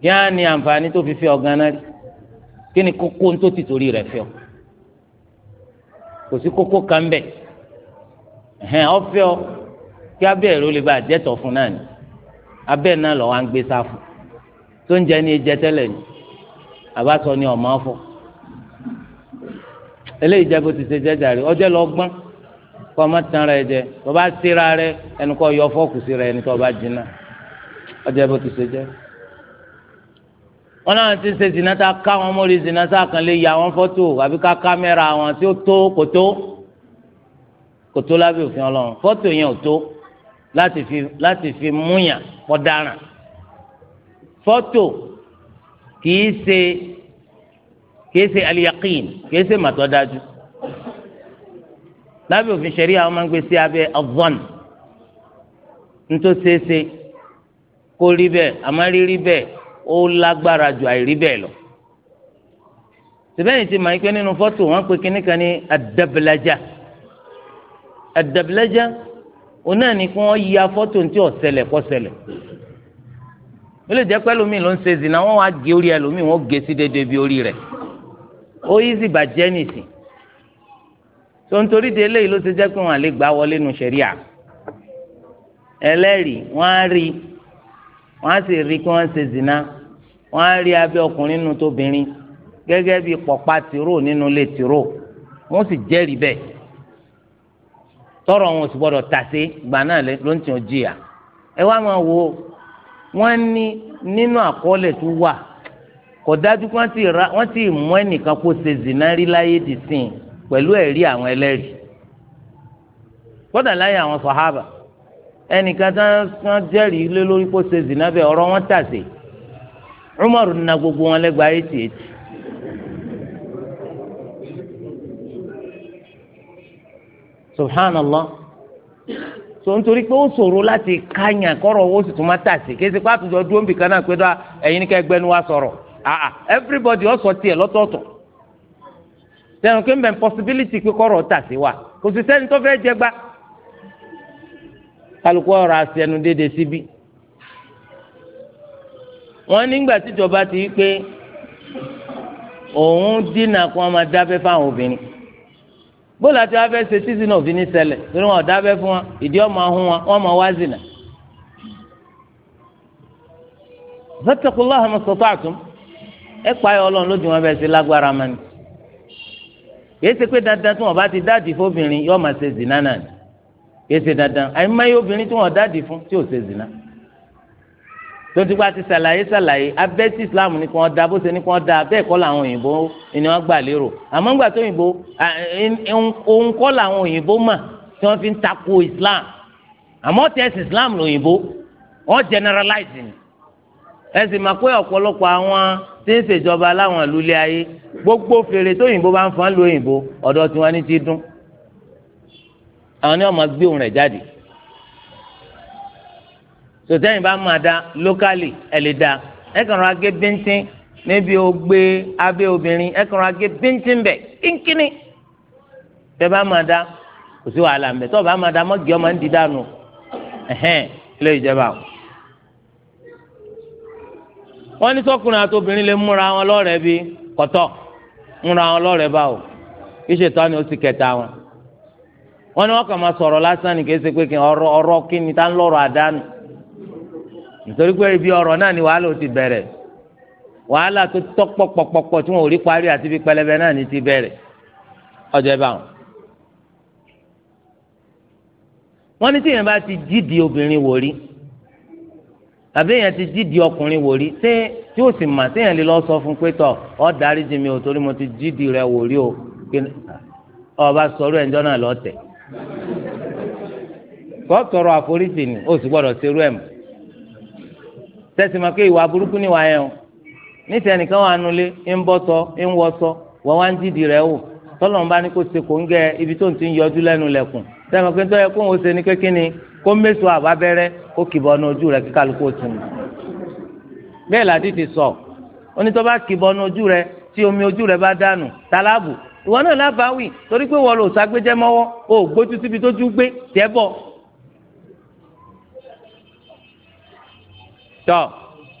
kí á ní àǹfààní tó fi fi ọ̀gán náà rí kí ni kókó tó ti torí rẹ̀ fẹ́ ọ kò sí kókó kan bẹ̀ ẹ̀hẹ́n ọ̀fẹ́ ọ kí abẹ́ ẹ̀rọ lè ba àjẹtọ̀ fún náà ni abẹ́ náà lọ́wọ́ à ń gbé sáfù tó ń jẹ ní ejẹ tẹ́lẹ̀ ni àbá ni ọ̀mọ́ fọ́ eléyìí jẹ́ bó ti ṣe jẹ́jà rí ọjọ́ lọ gbọ́n kọ́ ọmọ tán rẹ jẹ tó bá síra rẹ ẹnu kọ́ yọ fọ́ọ̀kù síra ẹni tó bá jiná ọjọ́ bó ti ṣe jẹ́ wọn náà ti ṣe zina tá a ká wọn mórí zina tá a kàn lè ya wọn fọ́tò àbí ká kámẹ́rà wọn tí ó tó kò tó kò tó lábẹ́ òfin ọlọ́run fọ́tò yẹn ò tó láti fi láti fi múyàn pọ̀daràn fọ́tò kìí ṣe kìí ṣe aliyakin kìí ṣe màtọ́dájú lábẹ́ òfin ṣẹ̀rí àwọn máa ń gbé sí abẹ́ avon nítòsíṣe kó rí bẹ́ẹ̀ àmọ́ rírí bẹ́ẹ̀ ó lágbára ju àìrí bẹ́ẹ̀ lọ sìbẹ́yìn ti máa nínú fọ́tò wọ́n pe kínní kan ní àdàbìlájà àdàbìlájà òun náà ní kí wọ́n ya fọ́tò ní tí ò ṣẹlẹ̀ kó ṣẹlẹ̀ ó lè jẹ́ pé ẹlòmíì ló ń ṣe zìnnà wọ́n wá gé orí ẹlòmíì wọ́n gé sí déédéé bí orí rẹ̀ ó yí sì bàjẹ́ nìsín tó ń torí de eléyìí ló ṣe jẹ́ pé wọ́n àlè gbá wọlé nu ṣẹ̀ríà ẹlẹ́rìí wọ́n á rí wọ́n á sì rí kí wọ́n ṣe zìnnà wọ́n á rí abẹ́ ọkùnrin nínú tóbìnrin gẹ́gẹ́ bí pọ̀pá tìró nínú ilé tìró wọ́n sì jẹ́rìí bẹ́ẹ̀ tọrọ wọn sì gbọ́dọ̀ tàsé gbà náà ló ń tì ọ́ jìyà ẹ wá máa wo wọ́n ní nínú àkọọ́lẹ̀ tó wà kò dájú pé wọ́n ti mú ẹnìkan kó ṣe zinari láyé dì sìn pẹ̀lú ẹ̀rí àwọn ẹlẹ́rìí kódà láyé àwọn sọ̀hábà ẹnìkan tán jẹ́rìí lé lórí kó ṣe zinabẹ́ ọ̀rọ̀ wọn tàsé. Umaru na gbogbo wọn lẹ́gbàá eighty eight. subhanallah so nítorí pé ó ṣòro láti káyàn kọ́rọ̀ owó sì tún máa tàsí kése pé àtúntò dúró nbì kan náà pé dá ẹ̀yin ká ẹgbẹ́ ni wá sọ̀rọ̀ ah everybody ó sọ tiẹ̀ lọ́tọ̀ọ̀tọ̀ tẹnu possibility pé kọ́rọ̀ tàsí wa kò sì tó jẹ gbá kálukú wọ́n nígbà tíjọba ti pé òun dínà kó wọn máa fáwọn obìnrin bóòlù àti wọn fẹẹ ṣe títí náà obìnrin ní torí wọn ò fún wọn ìdí ọmọ ahun wọn wọn zìnà. ẹ lójú wọn bẹ́ẹ̀ ṣe lágbára mọ ni kìí ṣe pé dandan tí wọn bá ti yóò máa ṣe zìnà náà dandan obìnrin tí wọn dáàdì tontigba ti ṣàlàyé ṣàlàyé abẹ́ tí islam ní kàn da bó ṣe ní kàn da bẹ́ẹ̀ kọ́ làwọn òyìnbó ni wọ́n gbà lérò àmọ́ ńgbà tó òyìnbó òun kọ́ làwọn òyìnbó mà tí wọ́n fi ń tako islam àmọ́ tẹ́sí islam lòyìnbó wọ́n generalize ni ẹ sì máa pé ọ̀pọ̀lọpọ̀ àwọn tí ń ṣèjọba láwọn ìlú ilé ayé gbogbo fèrè tó òyìnbó bá ń fọn lóyìnbó ọ̀dọ̀ tiwọn ní ti dún àwọn ni wọ́n máa gbé òun rẹ̀ jáde sọtẹ́yìn bá máa da lókàlì ẹ̀ lè da ẹ̀ kàn bíntín níbi ó abẹ́ obìnrin ẹ̀ kàn bíntín bẹ̀ kínkínní tẹ́ bá máa da kò sí wàhálà mbẹ tọ́ bá máa da mọ́gì ọmọ ń di dànù ẹ̀hẹ́n ilé ìjọba o. wọ́n ní sọ́kùnrin àti obìnrin lè múra wọn lọ́rẹ̀ẹ́ bí múra wọn lọ́rẹ̀ẹ́ bá o ni ó sì kẹta wọn. wọ́n ní wọ́n kàn máa sọ̀rọ̀ lásán ẹ nítorí pé ibi ọ̀rọ̀ náà ni wàhálà ó ti bẹ̀rẹ̀ wàhálà tó tọ́ pọ̀pọ̀pọ̀pọ̀ tí wọn ò rí parí àti ibi pẹlẹbẹ náà ni ti bẹ̀rẹ̀ ọjọ́ ẹ bá wọn. wọ́n ní tí èèyàn bá ti jídi obìnrin wò rí tàbí èèyàn ti jídi ọkùnrin wò rí ṣé tí ó sì mà séèyàn lè lọ sọ fún pé tọ ọ dárí jì mí o torí mo ti jídi rẹ wò rí o ọba sọ̀rọ̀ ẹjọ́ náà lọ tẹ kọ tọrọ àforíjì ni ó sì gbọ́dọ̀ ṣerú ẹ mọ́ tẹ́sí ma pé ìwà burúkú ni wà yẹn o níta ẹnìkan wà nulẹ̀ ń bọ́ sọ ń wọ sọ wọ́n wá ń dídì rẹ̀ o tọ́lọ̀ ń bá ní kó ṣe kó ń gẹ ibi tó ń ti ń yọjú lẹ́nu lẹ̀kùn tẹ́sí ma pé tó yẹ kó ń ṣe ní kékin ni kó méso àbábẹ́rẹ́ kó kìbọ̀ ní ojú rẹ̀ kíkà lóko tì mí. bẹ́ẹ̀ làdí ti sọ onítọ́ bá kìbọ̀ ní ojú rẹ̀ tí omi ojú rẹ̀ bá dànù tálábù ìwọ náà lábàáwì torí pé wọ́n lò ságbéjẹ́ o gbójú síbi tó gbé tẹ́ bọ̀ Tọ!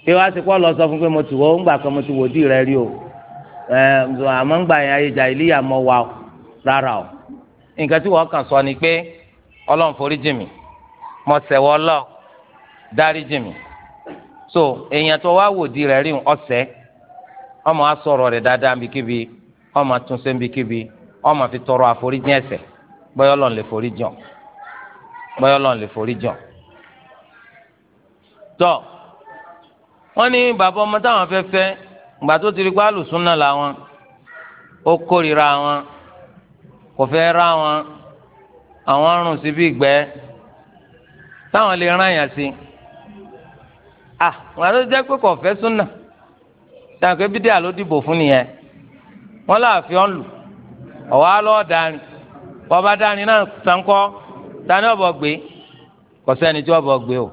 kí wá sí kọ́ lọ sọ fún pé mo ti wò ó ń gbà kan mo ti wò dì rẹ rí o àmọ́ ń gbà yẹn ayéjà ìlíyà mọ́ wa rárá o nǹkan tí wọ́n kàn sọ ni pé ọlọ́run forí jì mí mo ṣẹ̀wọ́ ọlọ́run dárí jì mí so èèyàn tó wá wò di rẹ̀ rí ọ̀sẹ̀ ọmọ asọ̀rọ̀ rẹ̀ dáadáa nbikíbi ọmọ àtúnṣe nbikíbi ọmọ fi tọrọ àforíjì ẹ̀ṣẹ̀ bóyá ọlọ́run lè forí jàn bọyọ ọlọ́run lè forí jàn tọ́. So, wọ́n ní bàbá ọmọ táwọn fẹ́ fẹ́ ìgbà tó ti rí pé alùsùnà làwọn ó kórìíra wọn kò fẹ́ rá wọn àwọn arùn sí bí ìgbẹ́ táwọn lè rán yàn sí ah ìgbà tó jẹ́ pé kò fẹ́ súnà táwọn pé bídíà ló dìbò fún nìyẹn wọ́n láàfin ọ̀lù ọ̀wá lọ́ọ́ darin bọ́ba darin náà sankọ́ dání ọ̀bọ̀ gbé kò sẹ́ni tí ọ̀bọ̀ gbé o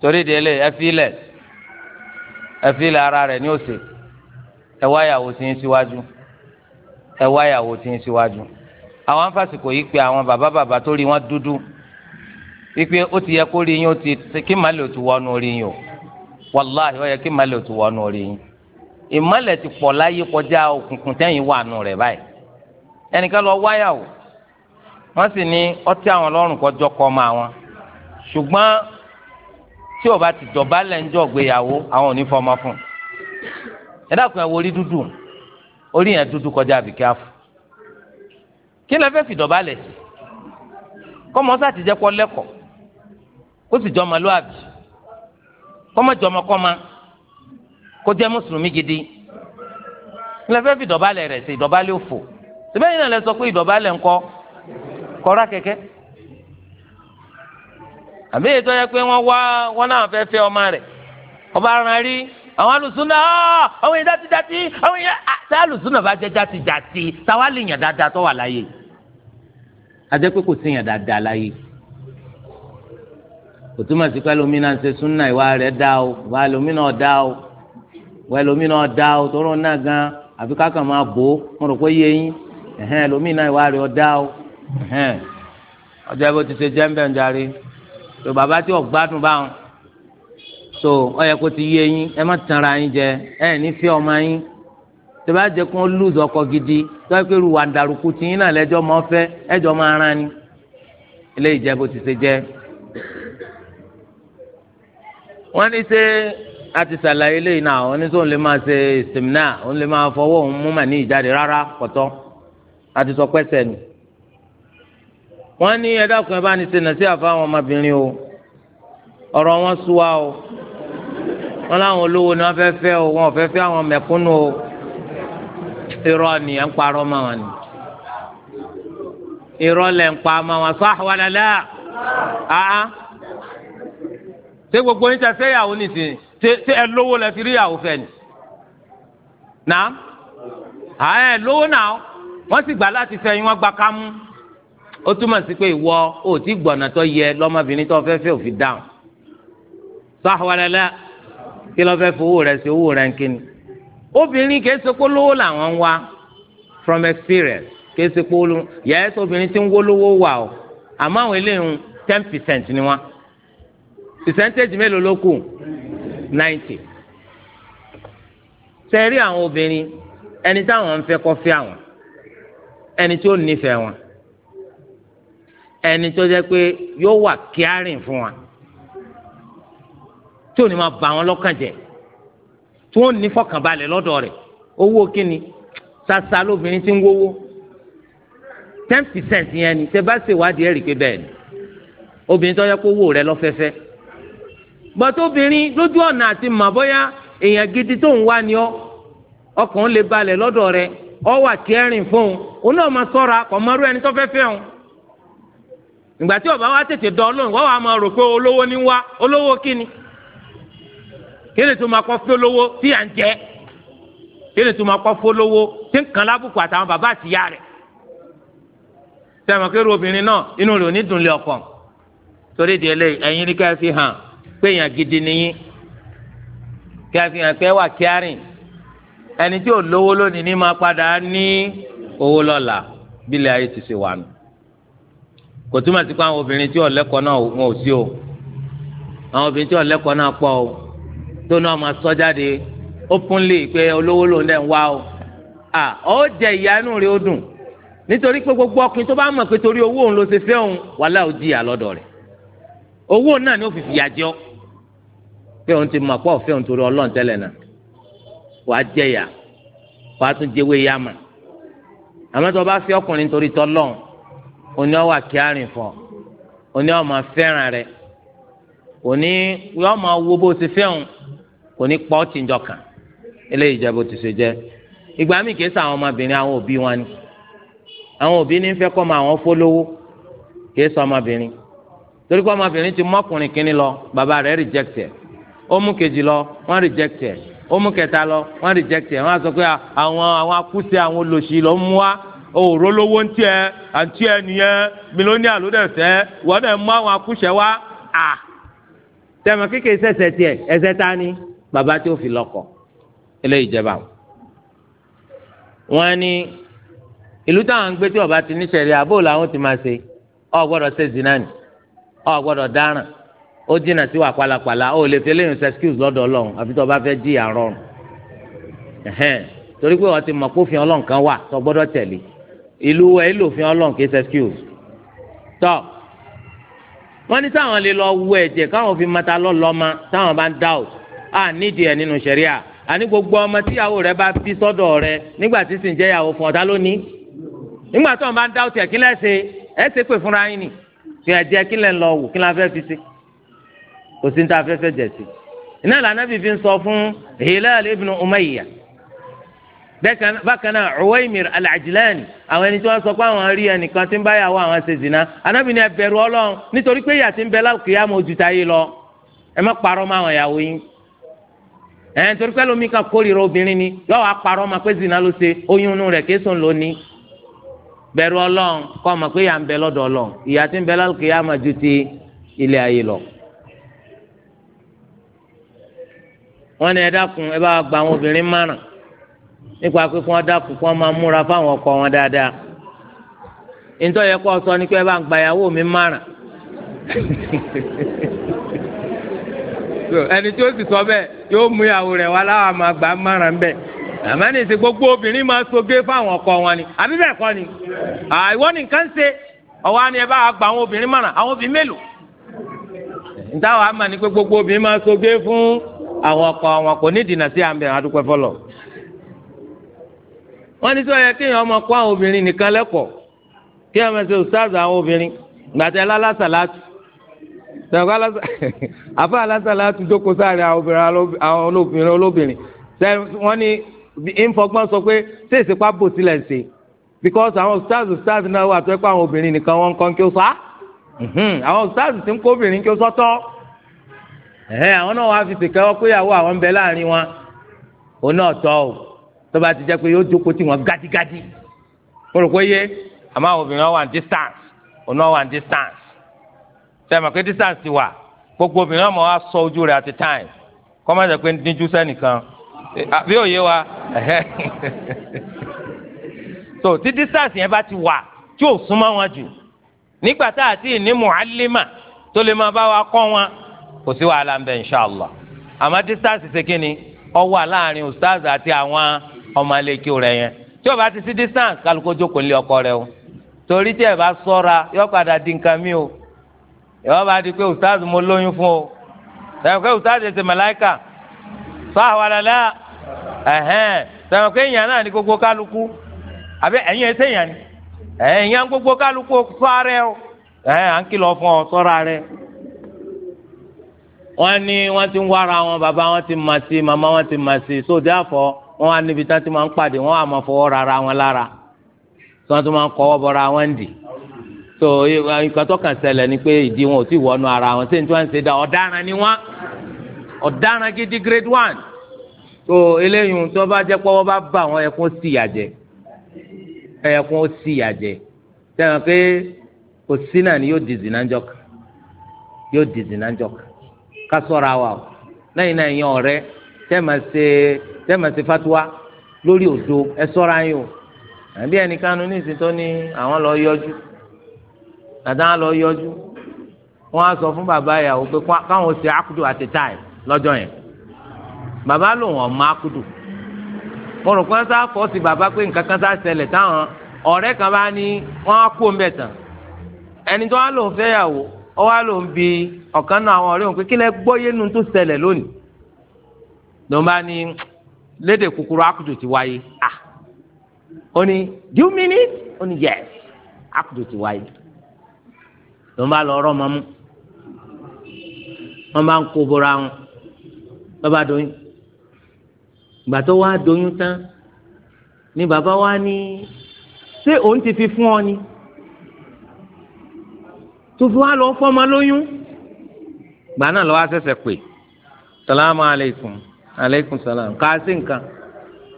torí délé ẹ fi lẹ̀ ẹfi lẹ ara rẹ ní òsè ẹ wá ìyàwó tí ń síwájú ẹ wá ìyàwó tí ń síwájú àwọn afásitì kò yí pé àwọn bàbá bàbá tó rí wọn dúdú wípé ó ti yẹ kó rí yín ó ti kí màálù ti wọnú orí yín o wàláhì ó yẹ kí màálù ti wọnú orí yín ìmọ̀lẹ̀ ti pọ̀ láyé kọjá òkùnkùn tẹ́yìn wà nù rẹ̀ báyìí ẹnìkan lọ wáyàwó wọ́n sì ní ọtí àwọn ọlọ́run kọjọ́ kọ́ ọmọ àwọn ṣùgbọ́n tí ó bá ti dọ̀bálẹ̀ ń jọ gbéyàwó àwọn ò ní fọmọ fún un ẹ dákun ẹ wo orí dúdú orí yẹn dúdú kọjá àbíkẹ́ àfọ kí lẹ fẹ́ fi dọ̀bálẹ̀ sí kọ́mọ sá ti jẹ́ pọ́ lẹ́kọ̀ọ́ kó sì jọ ọmọlúwàbí kọ́mọ jọ ọmọkọ́mọ kó jẹ́ mùsùlùmí gidi kí lẹ fẹ́ fi dọ̀bálẹ̀ rẹ̀ sí ìdọ̀bálẹ̀ òfò síbẹ̀ yìí náà lẹ sọ pé ìdọ̀bálẹ̀ ńkọ́ kọ́ra kẹ̀kẹ́ àbí ètò yẹ pé wọn wá wọn náà fẹ́ ọmọ rẹ̀ ọba rí àwọn alùsùnà ah, àwọn jáde jáde àwọn ah, alùsùnà bá jẹ jáde jáde táwa lè yàn dáadáa tó láyé adé kò sí yàn dáadáa kò túmọ̀ sí pé ń ṣe súnà ìwà rẹ̀ dá o ìwà lómìnà ọ̀dá o ìwà o tó náà gan àfi ká kàn máa tó bàbá tí ò gbádùn báwọn so ó yẹ kó ti yé yín ẹ má tanra yín jẹ ẹ ní fẹ́ ọmọ yín tó bá jẹ kó ń lùzọ ọkọ gidi tó yẹ kó irú wàǹdàrúkú ti yín náà lẹ́jọ́ máa fẹ́ ẹjọ́ máa rán ni eléyìí jẹ bó ti ṣe jẹ wọ́n ní ṣe àti ṣàlàyé lẹ́yìn náà wọ́n ní sọ òun lè máa ṣe ìsìmínà òun lè máa fọwọ́ òun mú màní ìjáde rárá pọ̀tọ́ àti sọ pẹ́sẹ̀ nù wọ́n ní ẹ dákun ẹ bá ní sèǹdà sí àfa ọmọbìnrin o ọ̀rọ̀ wọn sú o wọ́n láwọn olówó ni wọ́n fẹ́ fẹ́ o wọ́n fẹ́ fẹ́ àwọn mẹ̀kúnnù o irọ́ ni ẹ̀ ń parọ́ mọ́ wọn ni irọ́ lẹ̀ ń pa mọ́ wọn sọ àwọn àlàlẹ́ àá ṣé gbogbo yín tẹ fẹ́ yàwó nìsín ṣé ẹ lówó lẹ fi rí yàwó fẹ́ ni náà àá ẹ lówó náà wọ́n sì gbà láti fẹ́ yín wọ́n gba kámú ó túmọ̀ sí pé ìwọ ò tí gbọ̀nà tó yẹ lọ́mọbìnrin tó fẹ́ fẹ́ òfin dáhùn sọ́hàwálẹ́lẹ́ kí lọ́ fẹ́ fowó rẹ̀ sí owó rẹ̀ ń kíni obìnrin kìí ṣe kó lówó làwọn ń wá from experience kìí ṣe kó lówó yẹ́sì obìnrin tí ń wó lówó wà o àmọ́ àwọn eléyìí ten percent ni wọ́n percentage mélòó ló kù ninety sẹ́rí àwọn obìnrin ẹni táwọn ń fẹ́ kọ́ fẹ́ àwọn ẹni tí nífẹ̀ẹ́ wọn ẹni tó jẹ́ pé yóò wà kíárìn fún wa tí ò ní máa bà wọn lọ́kàn jẹ́ tí wọ́n ní fọkànbalẹ̀ lọ́dọ̀ rẹ̀ owó kíni sasa lóbìnrin tí ń wówó ten percent yẹn ni tẹ́ bá ṣèwádìí pé bẹ́ẹ̀ ni obìnrin tó yẹ kó wò rẹ lọ́fẹ́fẹ́ bọ́tọ́bìnrin lójú ọ̀nà àti màbọ́yá èèyàn gidi tó ń wá ni ọkàn lè rẹ ọ wà fún un òun náà máa sọ́ra kò ẹni ìgbà tí ọba wa tètè dán lóhùn wọn wà máa rò pé olówó ní wá olówó kíni kíni tó máa kọ́ fún olówó tí à ń jẹ kíni tó máa kọ́ fún olówó tí ń kàn lábùkù àtàwọn bàbá àtìyá rẹ̀ sẹ́wọ̀n kéré obìnrin náà inú rẹ̀ ò ní dùn ọkàn torí di hàn pé èèyàn gidi nìyí ká fi hàn pé wà kíárìn ẹni tí ò lówó lónìí ní máa padà ní owó lọ́la kò túmọ̀ sí pé àwọn obìnrin tí ọ̀lẹ́kọ̀ọ́ náà wọn ò sí o àwọn obìnrin tí ọ̀lẹ́kọ̀ọ́ náà pọ̀ o tó náà máa sọ jáde openly pé olówó lòun dẹ̀ ń wá o à ó jẹ ìyá inú rẹ ó dùn nítorí pé gbogbo ọkùnrin tó bá mọ̀ pé torí owó òun ló ṣe fẹ́ òun wàhálà ó jìyà lọ́dọ̀ rẹ̀ owó náà ni ó fi fìyà jẹ ọ́ pé òun ti mọ̀ pọ̀ fẹ́ òun torí ọlọ́run tẹ́lẹ̀ náà wàá jẹyà wàá tún jẹwé yá mà àmọ́ tó bá fi ọkùnrin torí tọ́lọ́run oní ọwà kíárìn fọ oní ọmọ fẹ́ràn rẹ òní yọọ máa wo bó ti fẹ́hùn òní pọ́ tìjọ kàn eléyìí jẹ́ bó ti ṣe jẹ́ ìgbà míì kìí sàwọn ọmọbìnrin àwọn òbí wọn ni àwọn òbí ní ma àwọn fólówó kìí sọ ọmọbìnrin lọ bàbá ó mú lọ ó mú lọ sọ pé àwọn àwọn akúṣe àwọn olòṣì òòró lówó ń tiẹ̀ àǹtí ẹ nìyẹn mílíọ̀nìà ló dẹ̀ fẹ́ wọ́n dẹ̀ mú àwọn akúṣẹ̀ wá à tẹ̀mọ̀ kékeré sẹ̀sẹ̀ tiẹ̀ ẹsẹ̀ ta ni bàbá tí ó fi lọ́kọ̀ eléyìí jẹba wọn ni ìlú táwọn ń gbé tí ọba ti níṣẹ̀lẹ̀ àbó làwọn ti máa ṣe ọ gbọ́dọ̀ ṣe zina ni ọ gbọ́dọ̀ dáràn ó jìnnà sí wà pàlàpàlà ó lè fi eléyìí ṣe excuse lọ́dọ̀ Ọlọ́run àfi tó bá fẹ́ jí àrọrùn torí pé wọ́n ti mọ̀ kófin Ọlọ́run kan wà tó gbọ́dọ̀ tẹ̀lé ìlú ẹ lòfin Ọlọ́run kì í ṣexcuse tọ wọn ní táwọn lè lọ wọ ẹ̀jẹ̀ káwọn fi mata lọlọmọ táwọn bá ń doubt à nídìí ẹ nínú ṣẹríà àní gbogbo ọmọ tíyàwó rẹ bá fi sọ́dọ̀ rẹ nígbà tí sì ń jẹyàwó fún ọdá lónìí nígbà tó ń bá ń dá òtí ẹ kí lẹ ṣe ẹ ṣe pé fúnra yín ni fi ẹ̀jẹ̀ kí lẹ ń lọ wò kí lẹ fẹ́ fi ṣe kò sí ní ta fẹ́ fẹ́ jẹ̀ sí. iná ìlànà bíbí ń sọ fún Hilal ibn Umayya bákan náà Uwaymir al-Ajlani àwọn ẹni tí wọ́n sọ pé àwọn rí ẹnìkan tí ń bá yàwó àwọn ṣe zina anábìíní ẹ bẹ̀rù Ọlọ́run nítorí pé ìyà tí ń bẹ lálùkìyà mọ ojú táyé lọ ẹ má parọ́ mọ́ àwọn ìyàwó yín ẹ nítorí pé lómi kan kórìíra obìnrin ni lọ́wọ́ àparọ́ máa pé zina ló ṣe oyún inú rẹ̀ kéésùn lónìí bẹ̀rù Ọlọ́run kọ́ mọ̀ pé ìyà ń bẹ lọ́dọ̀ Ọlọ́run wọ́n ní ẹ dákun ẹ bá gba àwọn obìnrin márùn-ún nípa pé kí wọ́n dákun kí wọ́n máa múra fáwọn ọkọ wọn dáadáa nítorí yẹ kó o sọ ni pé ẹ bá ń gba ìyàwó mi márùn ẹni tí ó sì sọ bẹ́ẹ̀ yóò mú ìyàwó rẹ̀ wá láwọn àmàgbà márùn bẹ́ẹ̀ àmọ́ ní ìsìn gbogbo obìnrin máa soge fáwọn ọkọ wọn ni àbí bẹ́ẹ̀ kọ́ ni àìwọ́ nìkan ṣe ọwọ́ ni ẹ bá gba àwọn obìnrin márùn àwọn obìnrin mélòó ntáwọn àmà ni pé gbogbo obìnrin máa soge fún àwọn ọkọ wọn kò ní ìdìnnà sí àmì àdúpẹ́ fọlọ́ wọ́n ní sọ yẹ kéèyàn ọmọ kó àwọn obìnrin nìkan lẹ́kọ̀ọ́ kéèyàn máa ṣe ustaz àwọn obìnrin gbàtẹ́ lálásàlátù sọ̀rọ̀ (laughs) àfa alásàlátù jókòó sáré àwọn olóbìnrin olóbìnrin wọ́n ní ìfọgbọ́n sọ pé ṣé ìsìnkú àbò sílẹ̀ ṣe because àwọn ustaz ustaz náà wà tó ẹ́ pé àwọn obìnrin nìkan wọ́n ń kọ́ kí ó sá àwọn ustaz ti ń kó obìnrin kí ó sọ́tọ́ àwọn náà wàá fi ṣèkẹ́wọ́ pé tó bá ti jẹ́ pé yóò jókòó tí wọ́n gádígádí mo rò pé yé àmọ́ àwọn obìnrin wà ní distance òun wà ní distance sẹ́mi pé distance ti wà gbogbo obìnrin ọmọ wa sọ ojú rẹ̀ àti time kọ́mọ̀tẹ̀ pé níjú sẹ́nìkan bí òye wa (laughs) so tí distance yẹn bá ti wà tí ò súnmọ́ wọn jù nígbà tá a ti ní muhalima tó lè máa bá wa kọ́ wọn kò sí wàhálà ń bẹ inshallah àmọ́ distance ṣe kí ni ó wà láàrin ustaz àti àwọn ọmọ alẹ́ kí o rẹ̀ yẹn tí o bá ti sí distance kálukú jókòó nílé ọkọ rẹ o torí tí ẹ bá sọ́ra yọ padà di nǹkan mi o yọ bá di pé ustaz mo lóyún fún o sẹ́wọ̀n pé ustaz ẹsẹ̀ mẹ́láìkà sọ àwọn àlàlẹ́ ẹ̀hẹ́n sẹ́wọ̀n pé èèyàn náà ní gbogbo kálukú àbí ẹ̀yin ẹsẹ̀ èèyàn ni ẹ̀yin gbogbo kálukú sọ arẹ o ẹ̀hẹ́n à ń kìlọ̀ fún ọ sọ́ra rẹ wọ́n ní wọ́n ti ń wára wọn bàbá wọn ti mà sí màmá wọn ti mà sí so therefore wọn wá níbi tí wọn ti máa ń pàdé wọn wá máa fọwọ́ rara wọn lára tí wọn ti máa ń kọ́wọ́ bọ́ra wọn dì so nǹkan tó kàn ṣẹlẹ̀ ni pé ìdí wọn ò tí wọnú ara wọn sẹ́yìn tí wọ́n ń ṣe dá ọ̀daràn ni wọ́n ọ̀daràn gidi grade one so eléyìí tó bá jẹ́ pọ́wọ́ bá bà wọ́n ẹkún sí ìyàjẹ́ ẹkún ó sí ìyàjẹ́ sẹ́yìn pé kò sí náà ni yóò di zinanjọ́ kan yóò di zinanjọ́ kan ká sọ́ra wa o lẹ́yìn náà ìyẹn ọ̀rẹ́ tẹ́ máa ṣe tẹ́mọ̀ sí fatuwa lórí òdo ẹ sọ́ra yín o àbí ẹnìkanu ní ìsìn tó ní àwọn lọ yọjú àtàwọn lọ yọjú wọn á sọ fún bàbá ìyàwó pé káwọn ṣe akudu àti táì lọ́jọ́ yẹn bàbá lò wọ́n mọ akudu mo rò pé wọ́n sá fọ́ sí bàbá pé nǹkan kan sá ṣẹlẹ̀ táwọn ọ̀rẹ́ kan bá ní wọ́n á kó ń tán ẹni tó wá lòun fẹ́ yàwó ó wá lòun bi ọ̀kan náà àwọn ọ̀rẹ́ òun pé kí lẹ gbọ́ yénu tó ṣẹlẹ̀ lónìí lòun bá ní lédè kúkúrú akutu ti wáyé ah oni do you mean it oni yes akutu ti wáyé ló ń bá lọ ọ̀rọ̀ mọmú wọn bá ń kó bora wọn lọba doyún ìgbà tó wá doyún tán ni bàbá wa ní ṣé òun ti fi fún ọ ni tó fi wá lọ fọmọ lóyún gbà náà lọ wá ṣẹ̀ṣẹ̀ pè salamu aleykum salaam kaasi nkan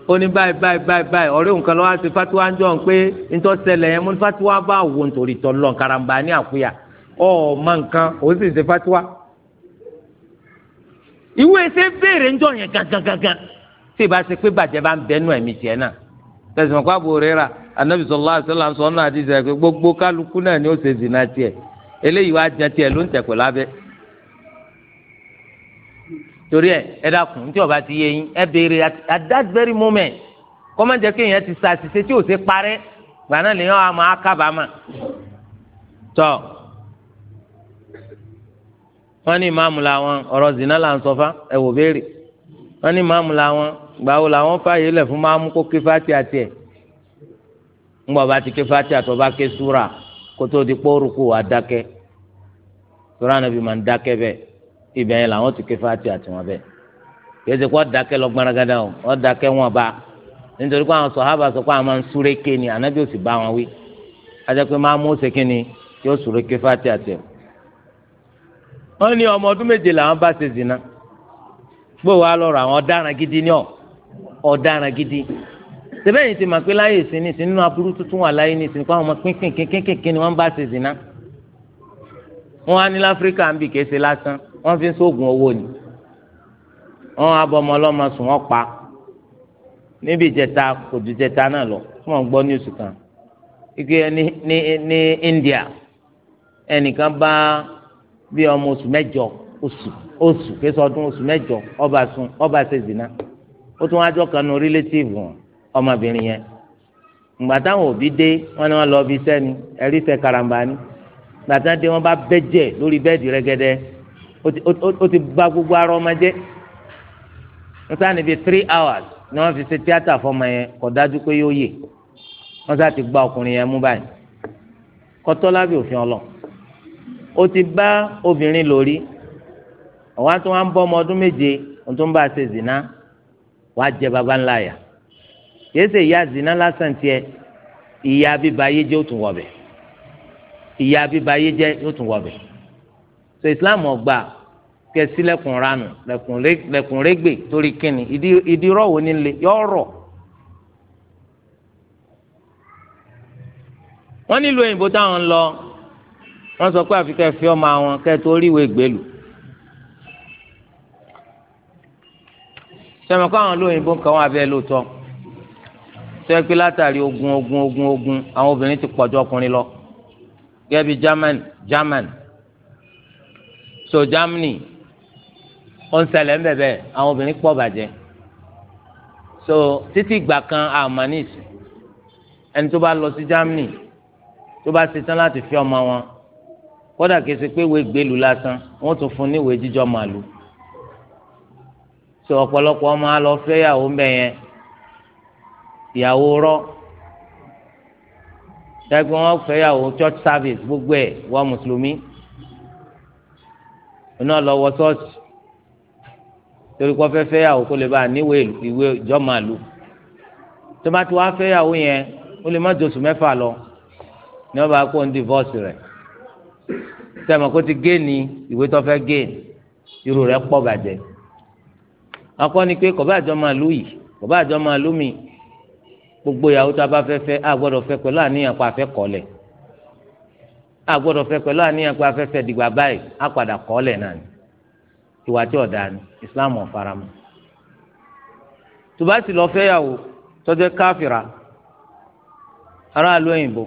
ó ní báyìí báyìí báyìí báyìí ọ̀rẹ́ nǹkan lọ́wọ́ àti fatiwa ń jọ ń pé ntọ́ ṣẹlẹ̀ yẹn mo ní fatiwa bá wò nítorí tọ́lọ̀ karamba ní àkúyà ọ̀ ma nǹkan ó sì ṣe fatiwa. ìwé ṣe béèrè ń jọ yẹn gangan tí ìbá ṣe pé bàjẹ́ bá ń bẹnu ẹ̀mí tiẹ̀ náà tẹ̀sán kó àbò rẹ ra anabi sọlá àṣọlá sọ náà àti ìṣẹ̀kẹ́ gbogbo kálukú náà ni ó ṣe zina tiẹ̀ eléyìí wá jẹ tiẹ̀ ló ń tẹ̀ pẹ̀lú abẹ́ torí ẹ ẹ dákun tí ọba ti yé yín ẹ béèrè at that very moment kọ́mọ̀jẹ́ kí èèyàn ti sa àṣìṣe tí ò ṣe parẹ́ gbà náà lèèyàn wà máa kábàámà tọ́ wọ́n ní ìmáàmù làwọn ọ̀rọ̀ zina là ń sọ fá ẹ wò béèrè wọ́n ní ìmáàmù làwọn gbàwó làwọn fààyè lẹ̀ fún máàmù kó ké fati àti ẹ̀ ńgbà ọba ti ké fati àti ọba ké súra kótó di pọ́ọ́rùkù àdákẹ́ súra nàbì máa ń dákẹ́ bẹ́ẹ̀ ibẹ̀ yẹn làwọn ti ké fati àti wọn bẹ́ẹ̀ yóò ṣe kó ọ̀dàkẹ́ lọ gbaragada o ọ̀dàkẹ́ wọn bá nítorí pé àwọn sọ̀hábà sọ pé àwọn máa ń súrékè ni ànábì ò sì bá wọn wí ajẹ́ pé máa mú ṣèké ni yóò súrékè fati àti ẹ̀. wọ́n ní ọmọ ọdún méje làwọn bá ṣe zina gbé wàá lọ́rọ̀ àwọn ọ̀daràn gidi ni ọ̀ ọ̀daràn gidi sẹ́bẹ̀yìn ti mà pé láyè sí nínú aburú tuntun wà láyé ní sí ní ọmọ pínpín kínkínkín ni wọ́n bá ṣe zina wọ́n á ní láfíríkà ń bì kése lásán wọ́n fi ń sóògùn owó ni wọ́n abọmọ ọlọ́mọ sùn wọ́n pa níbi ìjẹta kò ju ìjẹta náà lọ tí wọ́n gbọ́ níwùsù kan ike ní ní ní India ẹnìkan bá bí ọmọ oṣù mẹ́jọ oṣù oṣù kéṣọ ọdún oṣù mẹ́jọ ọba sùn ọba ṣe zina ó tún wá jọ kan nu rílétìfù ọmọbìnrin yẹn ìgbà táwọn òbí dé wọ́n ní wọ́n lọ bí sẹni ẹrí sẹ karambani gbàtà dé wọ́n bá bẹjẹ lórí bẹ́ẹ̀dì rẹ́gẹ́dẹ́ ó ti bà gbogbo ara ọmọ jẹ́ wọ́n sá níbi three hours ni wọ́n fi ṣe tíátà fọmọ yẹn kò dájú pé yóò yè wọ́n sá ti gba ọkùnrin yẹn mú báyìí kọ́tọ́lábì òfin ọlọ́ ó ti bá obìnrin lórí ọ̀wá tó wá ń bọ́ ọmọ ọdún méje ohun tó ń bá a ṣe zìnà wàá jẹ baba ńlá yà yéé ṣe ìyá zìnà lásán tiẹ̀ ìyá bíba ayé jẹ́ ó tún wọ̀ bẹ̀ ìyá bíba ayé jẹ́ ó tún wọ̀ bẹ̀ so islam ọgbà kẹsí lẹkùn ranù lẹkùn rẹgbẹ torí kíni ìdí rọwọ nílé yọ rọ. wọ́n nílùú òyìnbó táwọn ń lọ wọ́n sọ pé àfikẹ́ fi ọmọ àwọn kẹ́ẹ̀tọ́ oríwé gbèlú. sọmọ kó àwọn olóyìnbó kan wà bẹ́ẹ̀ lóòótọ́ sọ pé látàrí ogun ogun ogun ogun àwọn obìnrin ti pọ̀jù ọkùnrin lọ gẹ́gẹ́ German German so Germany ó ń ṣẹlẹ̀ ńbẹ̀bẹ̀ àwọn obìnrin pọ̀ bàjẹ́ so títí ìgbà kan almanis ẹni tó bá lọ sí Germany tó bá ṣetán láti fi ọmọ wọn kódà kìí ṣe pé ìwé gbèlú lásán wọ́n tún fún ní ìwé jíjọ́ màlúù so ọ̀pọ̀lọpọ̀ ọmọ alọ fẹ́yàwó ńbẹ yẹn ìyàwó rọ dẹ́gbẹ́ wọn fẹ́yàwó church service gbogbo ẹ̀ wọ́n mùsùlùmí iná lọ wọ ṣọ́ọ̀ṣì torí kọ́ fẹ́ fẹ́yàwó kó lè bá a níwèé ìwé ìjọ́màlú tó bá ti wá fẹ́yàwó yẹn ó lè má jòṣù mẹ́fà lọ ní wọ́n bá kó ń divorce rẹ̀ sẹ́mi kó ti géènì ìwé tó fẹ́ géènì irú rẹ̀ pọ̀ bàjẹ́ akọ́ ni pé kọ̀bá àjọmàlú yìí kọ̀bá àjọmàlú mi gbogbo ìyàwó tó a bá fẹ́ fẹ́ a gbọ́dọ̀ fẹ́ pẹ̀lú àníyàn pa àfẹ́ kọ́lẹ̀ àgbọ́dọ̀ fẹ́ pẹ̀lú àníyàn pé afẹ́fẹ́ dìgbà báyìí á padà kọ́lẹ̀ náà ni ìwà tí ọ̀dà ni islam ọ̀faramọ́ tùbá sì lọ fẹ́yàwó tọ́jẹ́ káfìrà aráàlú òyìnbó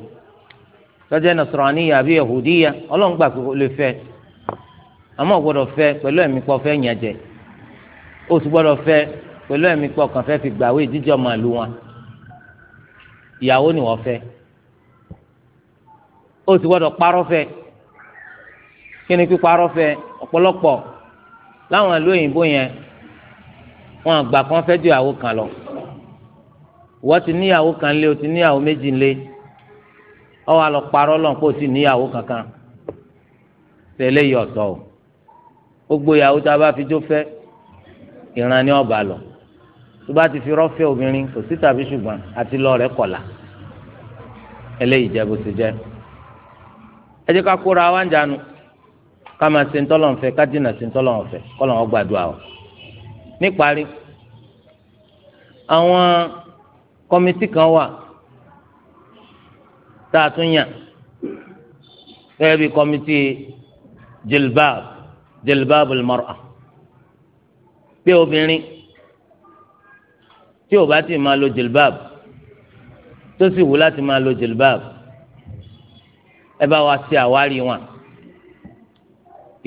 tọ́jẹ́ nasaraniya àbí yahudiya ọlọ́run gbà pé ó lè fẹ́ àmọ́ ọ̀gbọ́dọ̀ fẹ́ pẹ̀lú ẹ̀mí pọ̀ fẹ́ yẹn jẹ ó sì gbọ́dọ̀ fẹ́ ẹ̀mí pọ̀ kàn fẹ́ fi gbàwé ìdíjọ́ màlúù ìyàwó ni wọ́n fẹ́ ó sì gbọ́dọ̀ parọ́ fẹ́ kí ni píparọ́ fẹ́ ọ̀pọ̀lọpọ̀ láwọn ìlú òyìnbó yẹn wọn àgbà kan fẹ́ ju ìyàwó kan lọ wọ́n ti níyàwó kan lé o ti níyàwó méjì lé ọ wà lọ parọ́ lọ́n pé o ti níyàwó kankan tẹ̀lé yìí ọ̀tọ̀ o gbogbo ìyàwó tá a bá fi jó fẹ́ ìran ni ọba lọ tó bá ti fi rọ́fẹ́ obìnrin kò sí tàbí ṣùgbọ́n àti lọ́ọ̀rẹ́ kọ̀la eléyìí jẹ́ bó ti jẹ́ ẹ jẹ́ ká kóra wa ń jánu ká máa ṣe ńtọ́lọ̀ ńfẹ́ ká dínà ṣe ńtọ́lọ̀ ńfẹ́ kọ́lọ̀ wọn gbàdúrà wa. níparí àwọn kọ́mítì kan wà tá a tún yàn gẹ́gẹ́ bí kọ́mítì jilbab jilbab al-mar'a pé obìnrin tí ò bá ti máa lo jilbab tó sì wù láti máa lo jilbab ẹ bá wa ṣe àwárí wọn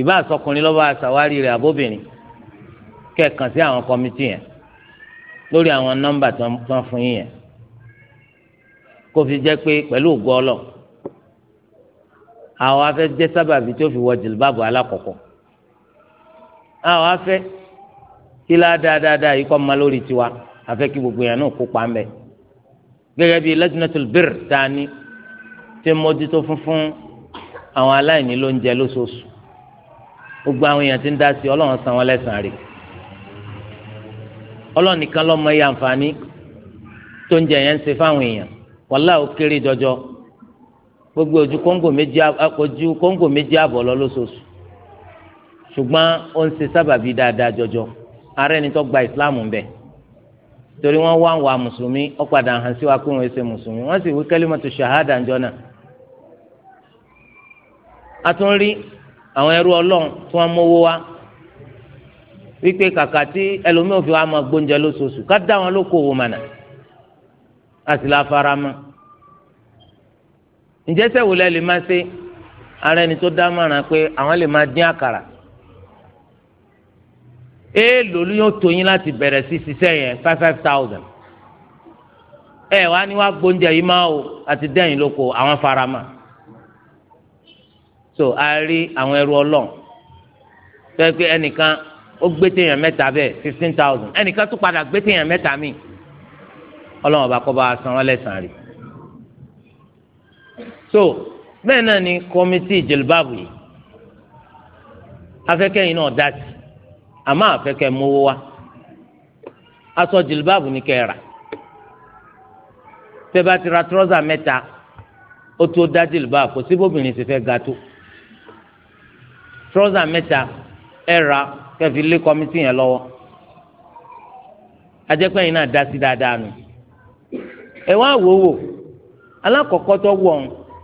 ìbá àsọkùnrin lọ́ba àṣàwárí rẹ̀ àbóbìnrin kẹ̀kan sí àwọn kọ́mítì yẹn lórí àwọn nọ́mbà tí wọ́n fún yín yẹn kó fi jẹ́ pé pẹ̀lú ògo ọlọ́ àwọn afẹ́ jẹ́ sábàbí tó fi wọ jìlbáàbù alákọ̀ọ́kọ́ àwọn afẹ́ kí lá dáadáa yìí kọ́ ma lórí tiwa afẹ́ kí gbogbo yẹn náà kópa ń bẹ̀ gẹ́gẹ́ bí lẹ́tìnẹ́tìlbìrì tá a ní tí mójútó funfun àwọn aláìní ló ń jẹ lóṣooṣù gbogbo àwọn èèyàn ti ń dá sí ọlọ́run san wọn lẹ́sàn-án rẹ̀ ọlọ́run nìkan ló mọ iye àǹfààní tó ń jẹ yẹn ń ṣe fáwọn èèyàn wàhálà ó kéré jọjọ gbogbo ojú kóńgò méjì ojú kóńgò méjì àbọ̀ lọ lóṣooṣù ṣùgbọ́n ó ń ṣe sábàbí dáadáa jọjọ ara ẹni tó gba ìsìláàmù bẹ́ẹ̀ torí wọ́n wá wà mùsùlùmí ó padà hàn sí wa pé wọ́n ṣe mùsùlùmí wọ́n sì wí kẹ́límọ̀tò ṣàhádà ńjọ́ náà atúnrí àwọn ẹrú ọlọ́run tí wọ́n mówó wá wípé kàkà tí ẹlòmíì ò fi wá máa gbóúnjẹ lóṣooṣù ká dá wọn lóko òwò mànà àti láfara mọ́ ǹjẹ́ sẹ́wòlẹ́ lè máa ṣe ara ẹni tó dá pé àwọn lè máa dín àkàrà èèlò ló yóò tó yín láti bẹ̀rẹ̀ sí ṣiṣẹ́ yẹn five five thousand ẹ wá ní wá gbóúnjẹ yìí máa o àti dẹ́yìn lóko àwọn farama so a rí àwọn ẹrú ọlọ́run tó yẹ pé ẹnìkan ó gbé téèyàn mẹ́ta bẹ́ẹ̀ fifteen thousand ẹnìkan tún padà gbé téèyàn mẹ́ta mi. ọlọ́run ọba kọ́ bá a san wọ́n lẹ́sàn-án rí so bẹ́ẹ̀ náà ni kọ́mítì ìjẹ̀lúbàbù yìí afẹ́kẹ́yìn náà dá sí àmọ́ afẹ́kẹ́ mówó wá aṣọ jìlúbàbù ni kẹ́ ẹ rà tẹ́ bá ti ra trọ́sà mẹ́ta ó tó dá jìlúbàbù kò síbóbìnrin sì fẹ́ ga tó trọ́sà mẹ́ta ẹ ra kẹfì lé kọ́mítì yẹn lọ́wọ́ ajẹ́pẹ́ yìí náà dá sí dáadáa nù ẹ wá wò wò alákọ̀ọ́kọ́ tó wọ̀ ọ́n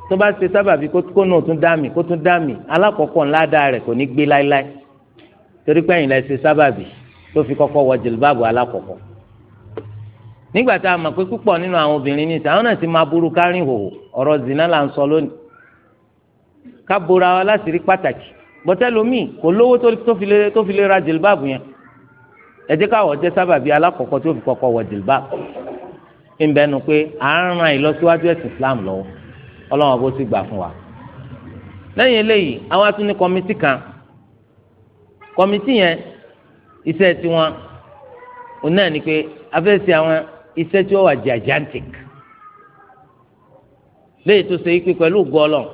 tó bá ṣe sábàbí kó náà tún dá mi kó tún dá mi alákọ̀ọ́kọ́ ńlá dá rẹ̀ kò ní gbé láéláé torí pé ẹ̀yin lẹ ṣe sábàbí tó fi kọ́kọ́ wọ jìlbáàbù alákọ̀ọ́kọ́ nígbà tá a mọ̀ pé púpọ̀ nínú àwọn obìnrin ní ìta àwọn náà ti máa burú kárìn hòhò ọ̀rọ̀ zina là ń sọ lónìí ká bora wa láti rí pàtàkì bọ́tẹ́lómi kò lówó tó fi lè ra jìlbáàbù yẹn ẹ jẹ́ káwọ̀ jẹ́ sábàbí alákọ̀ọ́kọ́ tó fi kọ́kọ́ wọ jìlbáàbù ìbẹnu pé à ń ran ìlọsíwájú ẹ̀sìn Islam lọ́wọ́ Ọlọ́run bó sì gbà fún wa lẹ́yìn eléyìí àwọn atúní kọ́mítì kan kọ́mítì yẹn iṣẹ́ tiwọn òun náà ni pé afẹ́sẹ̀ àwọn iṣẹ́ tí wọ́n wà gigantic léyìí tó ṣe é pé pẹ̀lú gọ́ọ̀lọ́ọ̀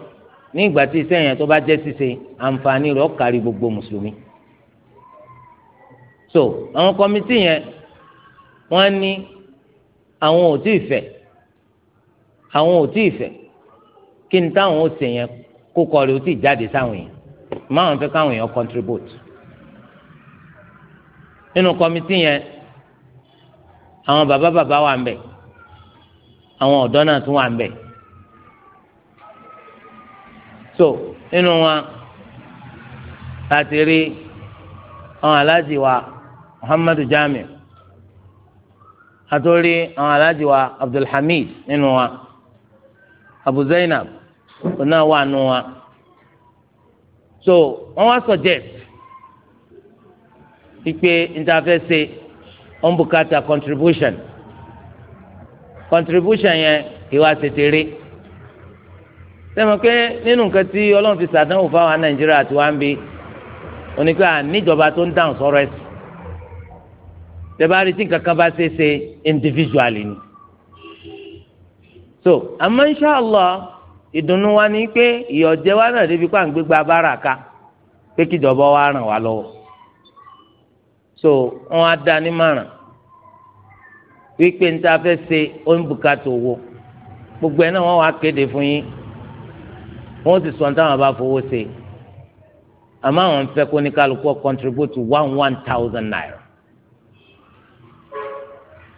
ní ìgbà tí iṣẹ́ yẹn tó bá jẹ́ ṣíṣe àǹfààní rẹ̀ ó gbogbo mùsùlùmí. so àwọn kọ́mítì yẹn wọ́n ní àwọn ò tíì fẹ́ àwọn ò tíì fẹ́ kí n táwọn ó ṣe yẹn kó kọ́ ó tíì jáde sáwọn yẹn máwọn fẹ́ káwọn yẹn contribute. nínú kọ́mítì yẹn àwọn bàbá bàbá wà ń bẹ̀ àwọn ọ̀dọ́ náà tún wà ń bẹ̀ so nínú wọn láti rí àwọn aláàjì wa muhammadu jamiu àtòrí àwọn aláàjì wa abdulhamid nínú wa abu zainab ọ̀nà wà nù wa so wọn wá suggest pípé ntàfẹ́ ṣe ọ̀nbùkátà contribution contribution yẹn ìwà tètè rí sẹ́mi pé nínú nǹkan tí ọlọ́run fi sàdánwò fáwọn nàìjíríà àti wá ń bí oníkó àníjọba tó ń dáhùn sọ̀rọ̀ ẹ̀sìn tẹ́bárí tí nǹkan bá ṣe ṣe individually ni. so àmọ́ inṣàlá ìdùnnú wa ni pé ìyọ̀jẹ́ wa náà débi pàǹgbé gba bára ka pé kíjọba wa ràn wá lọ́wọ́ so wọn á dá nímọ̀ràn wípé níta fẹ́ ṣe ó ń bùkátà owó gbogbo ẹ̀ náà wọ́n wá kéde fún yín wọn sì sọ táwọn bá fowó ṣe àmọ́ àwọn fẹ́ kó ní kálukú contribute one one thousand naira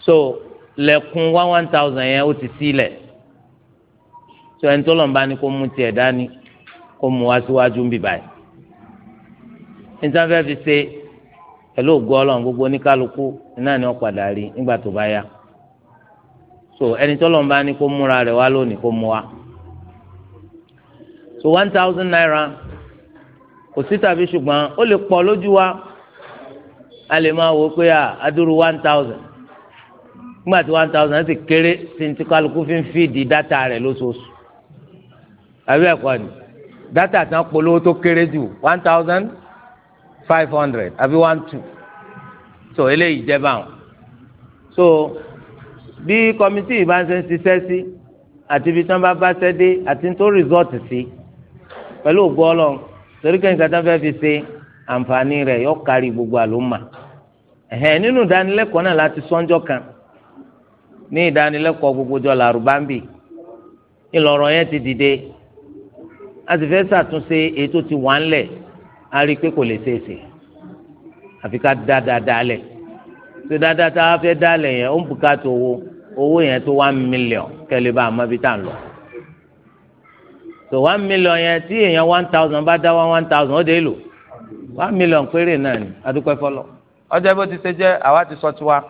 so lẹ́kùn one one thousand yẹn ó ti sílẹ̀ so ẹni tó lọ́n bá ní kó mú tiẹ̀ dání kó mú wá síwájú ń bì báyìí níta fẹ́ fi ṣe pẹ̀lú ògùn ọlọ́run gbogbo oníkálukú náà ni wọ́n padà rí nígbà tó bá yá so ẹni tó lọ́n bá ní kó múra rẹ̀ wá lónìí kó mú wá so one thousand naira kò sí tàbí ṣùgbọ́n ó lè pọ̀ lójú wa a lè máa wò pé àdúró one thousand nígbà tí one thousand ti kéré sí ní tí kálukú fi ń fìdí dátà rẹ̀ lóṣooṣù àbí ẹ̀kọ́ ni dátà tán polówó tó kéré jù one thousand five hundred àbí one two so eléyìí jẹ́ báwọn so bí kọ́mítì ìbánisẹ́ ń ṣiṣẹ́ sí àti ibi tí wọ́n bá bá ṣẹ́ dé àti tó rìsọ́ọ̀tì sí. Si pẹ̀lú ògbó ọlọ́run torí kẹ́hìn kata fẹ́ fi ṣe àǹfààní rẹ̀ yọ kárí gbogbo àlòmà ẹ̀hẹ́n nínú ìdánilẹ́kọ̀ọ́ náà láti sọ́njọ́ kan ní ìdánilẹ́kọ̀ọ́ gbogbo jọ làrúbáńbì ìlọ̀rọ̀ yẹn ti dìde a sì fẹ́ ṣàtúnṣe èyí tó ti wà ńlẹ̀ a rí i pé kò lè ṣeé ṣe àfi ká dá dáadáa lẹ̀ tó dáadáa tá a fẹ́ dá lẹ̀ yẹn ó ń bùkátà owó owó yẹn tó one million kẹ́lẹ́ bá a mọ ibi tá à lọ so one million yẹn tí èèyàn one thousand bá dá wá one thousand ó dé lò one million péré náà ni adúpẹ́ fọlọ́. ọjọ́ bó ti ṣe jẹ́ àwa ti sọ tiwa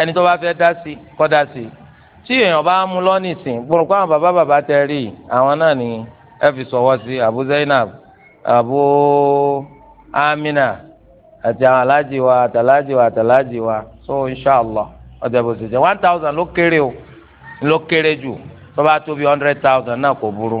ẹni tó bá fẹ́ dá sí kọ́ dá sí tí èèyàn bá mú lọ nìsín gbọ̀rọ̀kọ́ àwọn bàbá bàbá tẹ rí i àwọn náà ni ẹ fi sọ̀wọ́ sí Abu Zainab Abu Amina àti àwọn aláàjì wa àtàlájì wa àtàlájì wa so inshallah ọjọ́ bó ti jẹ́ one thousand ló kéré o ló kéré jù tó bá tó hundred thousand náà kò burú.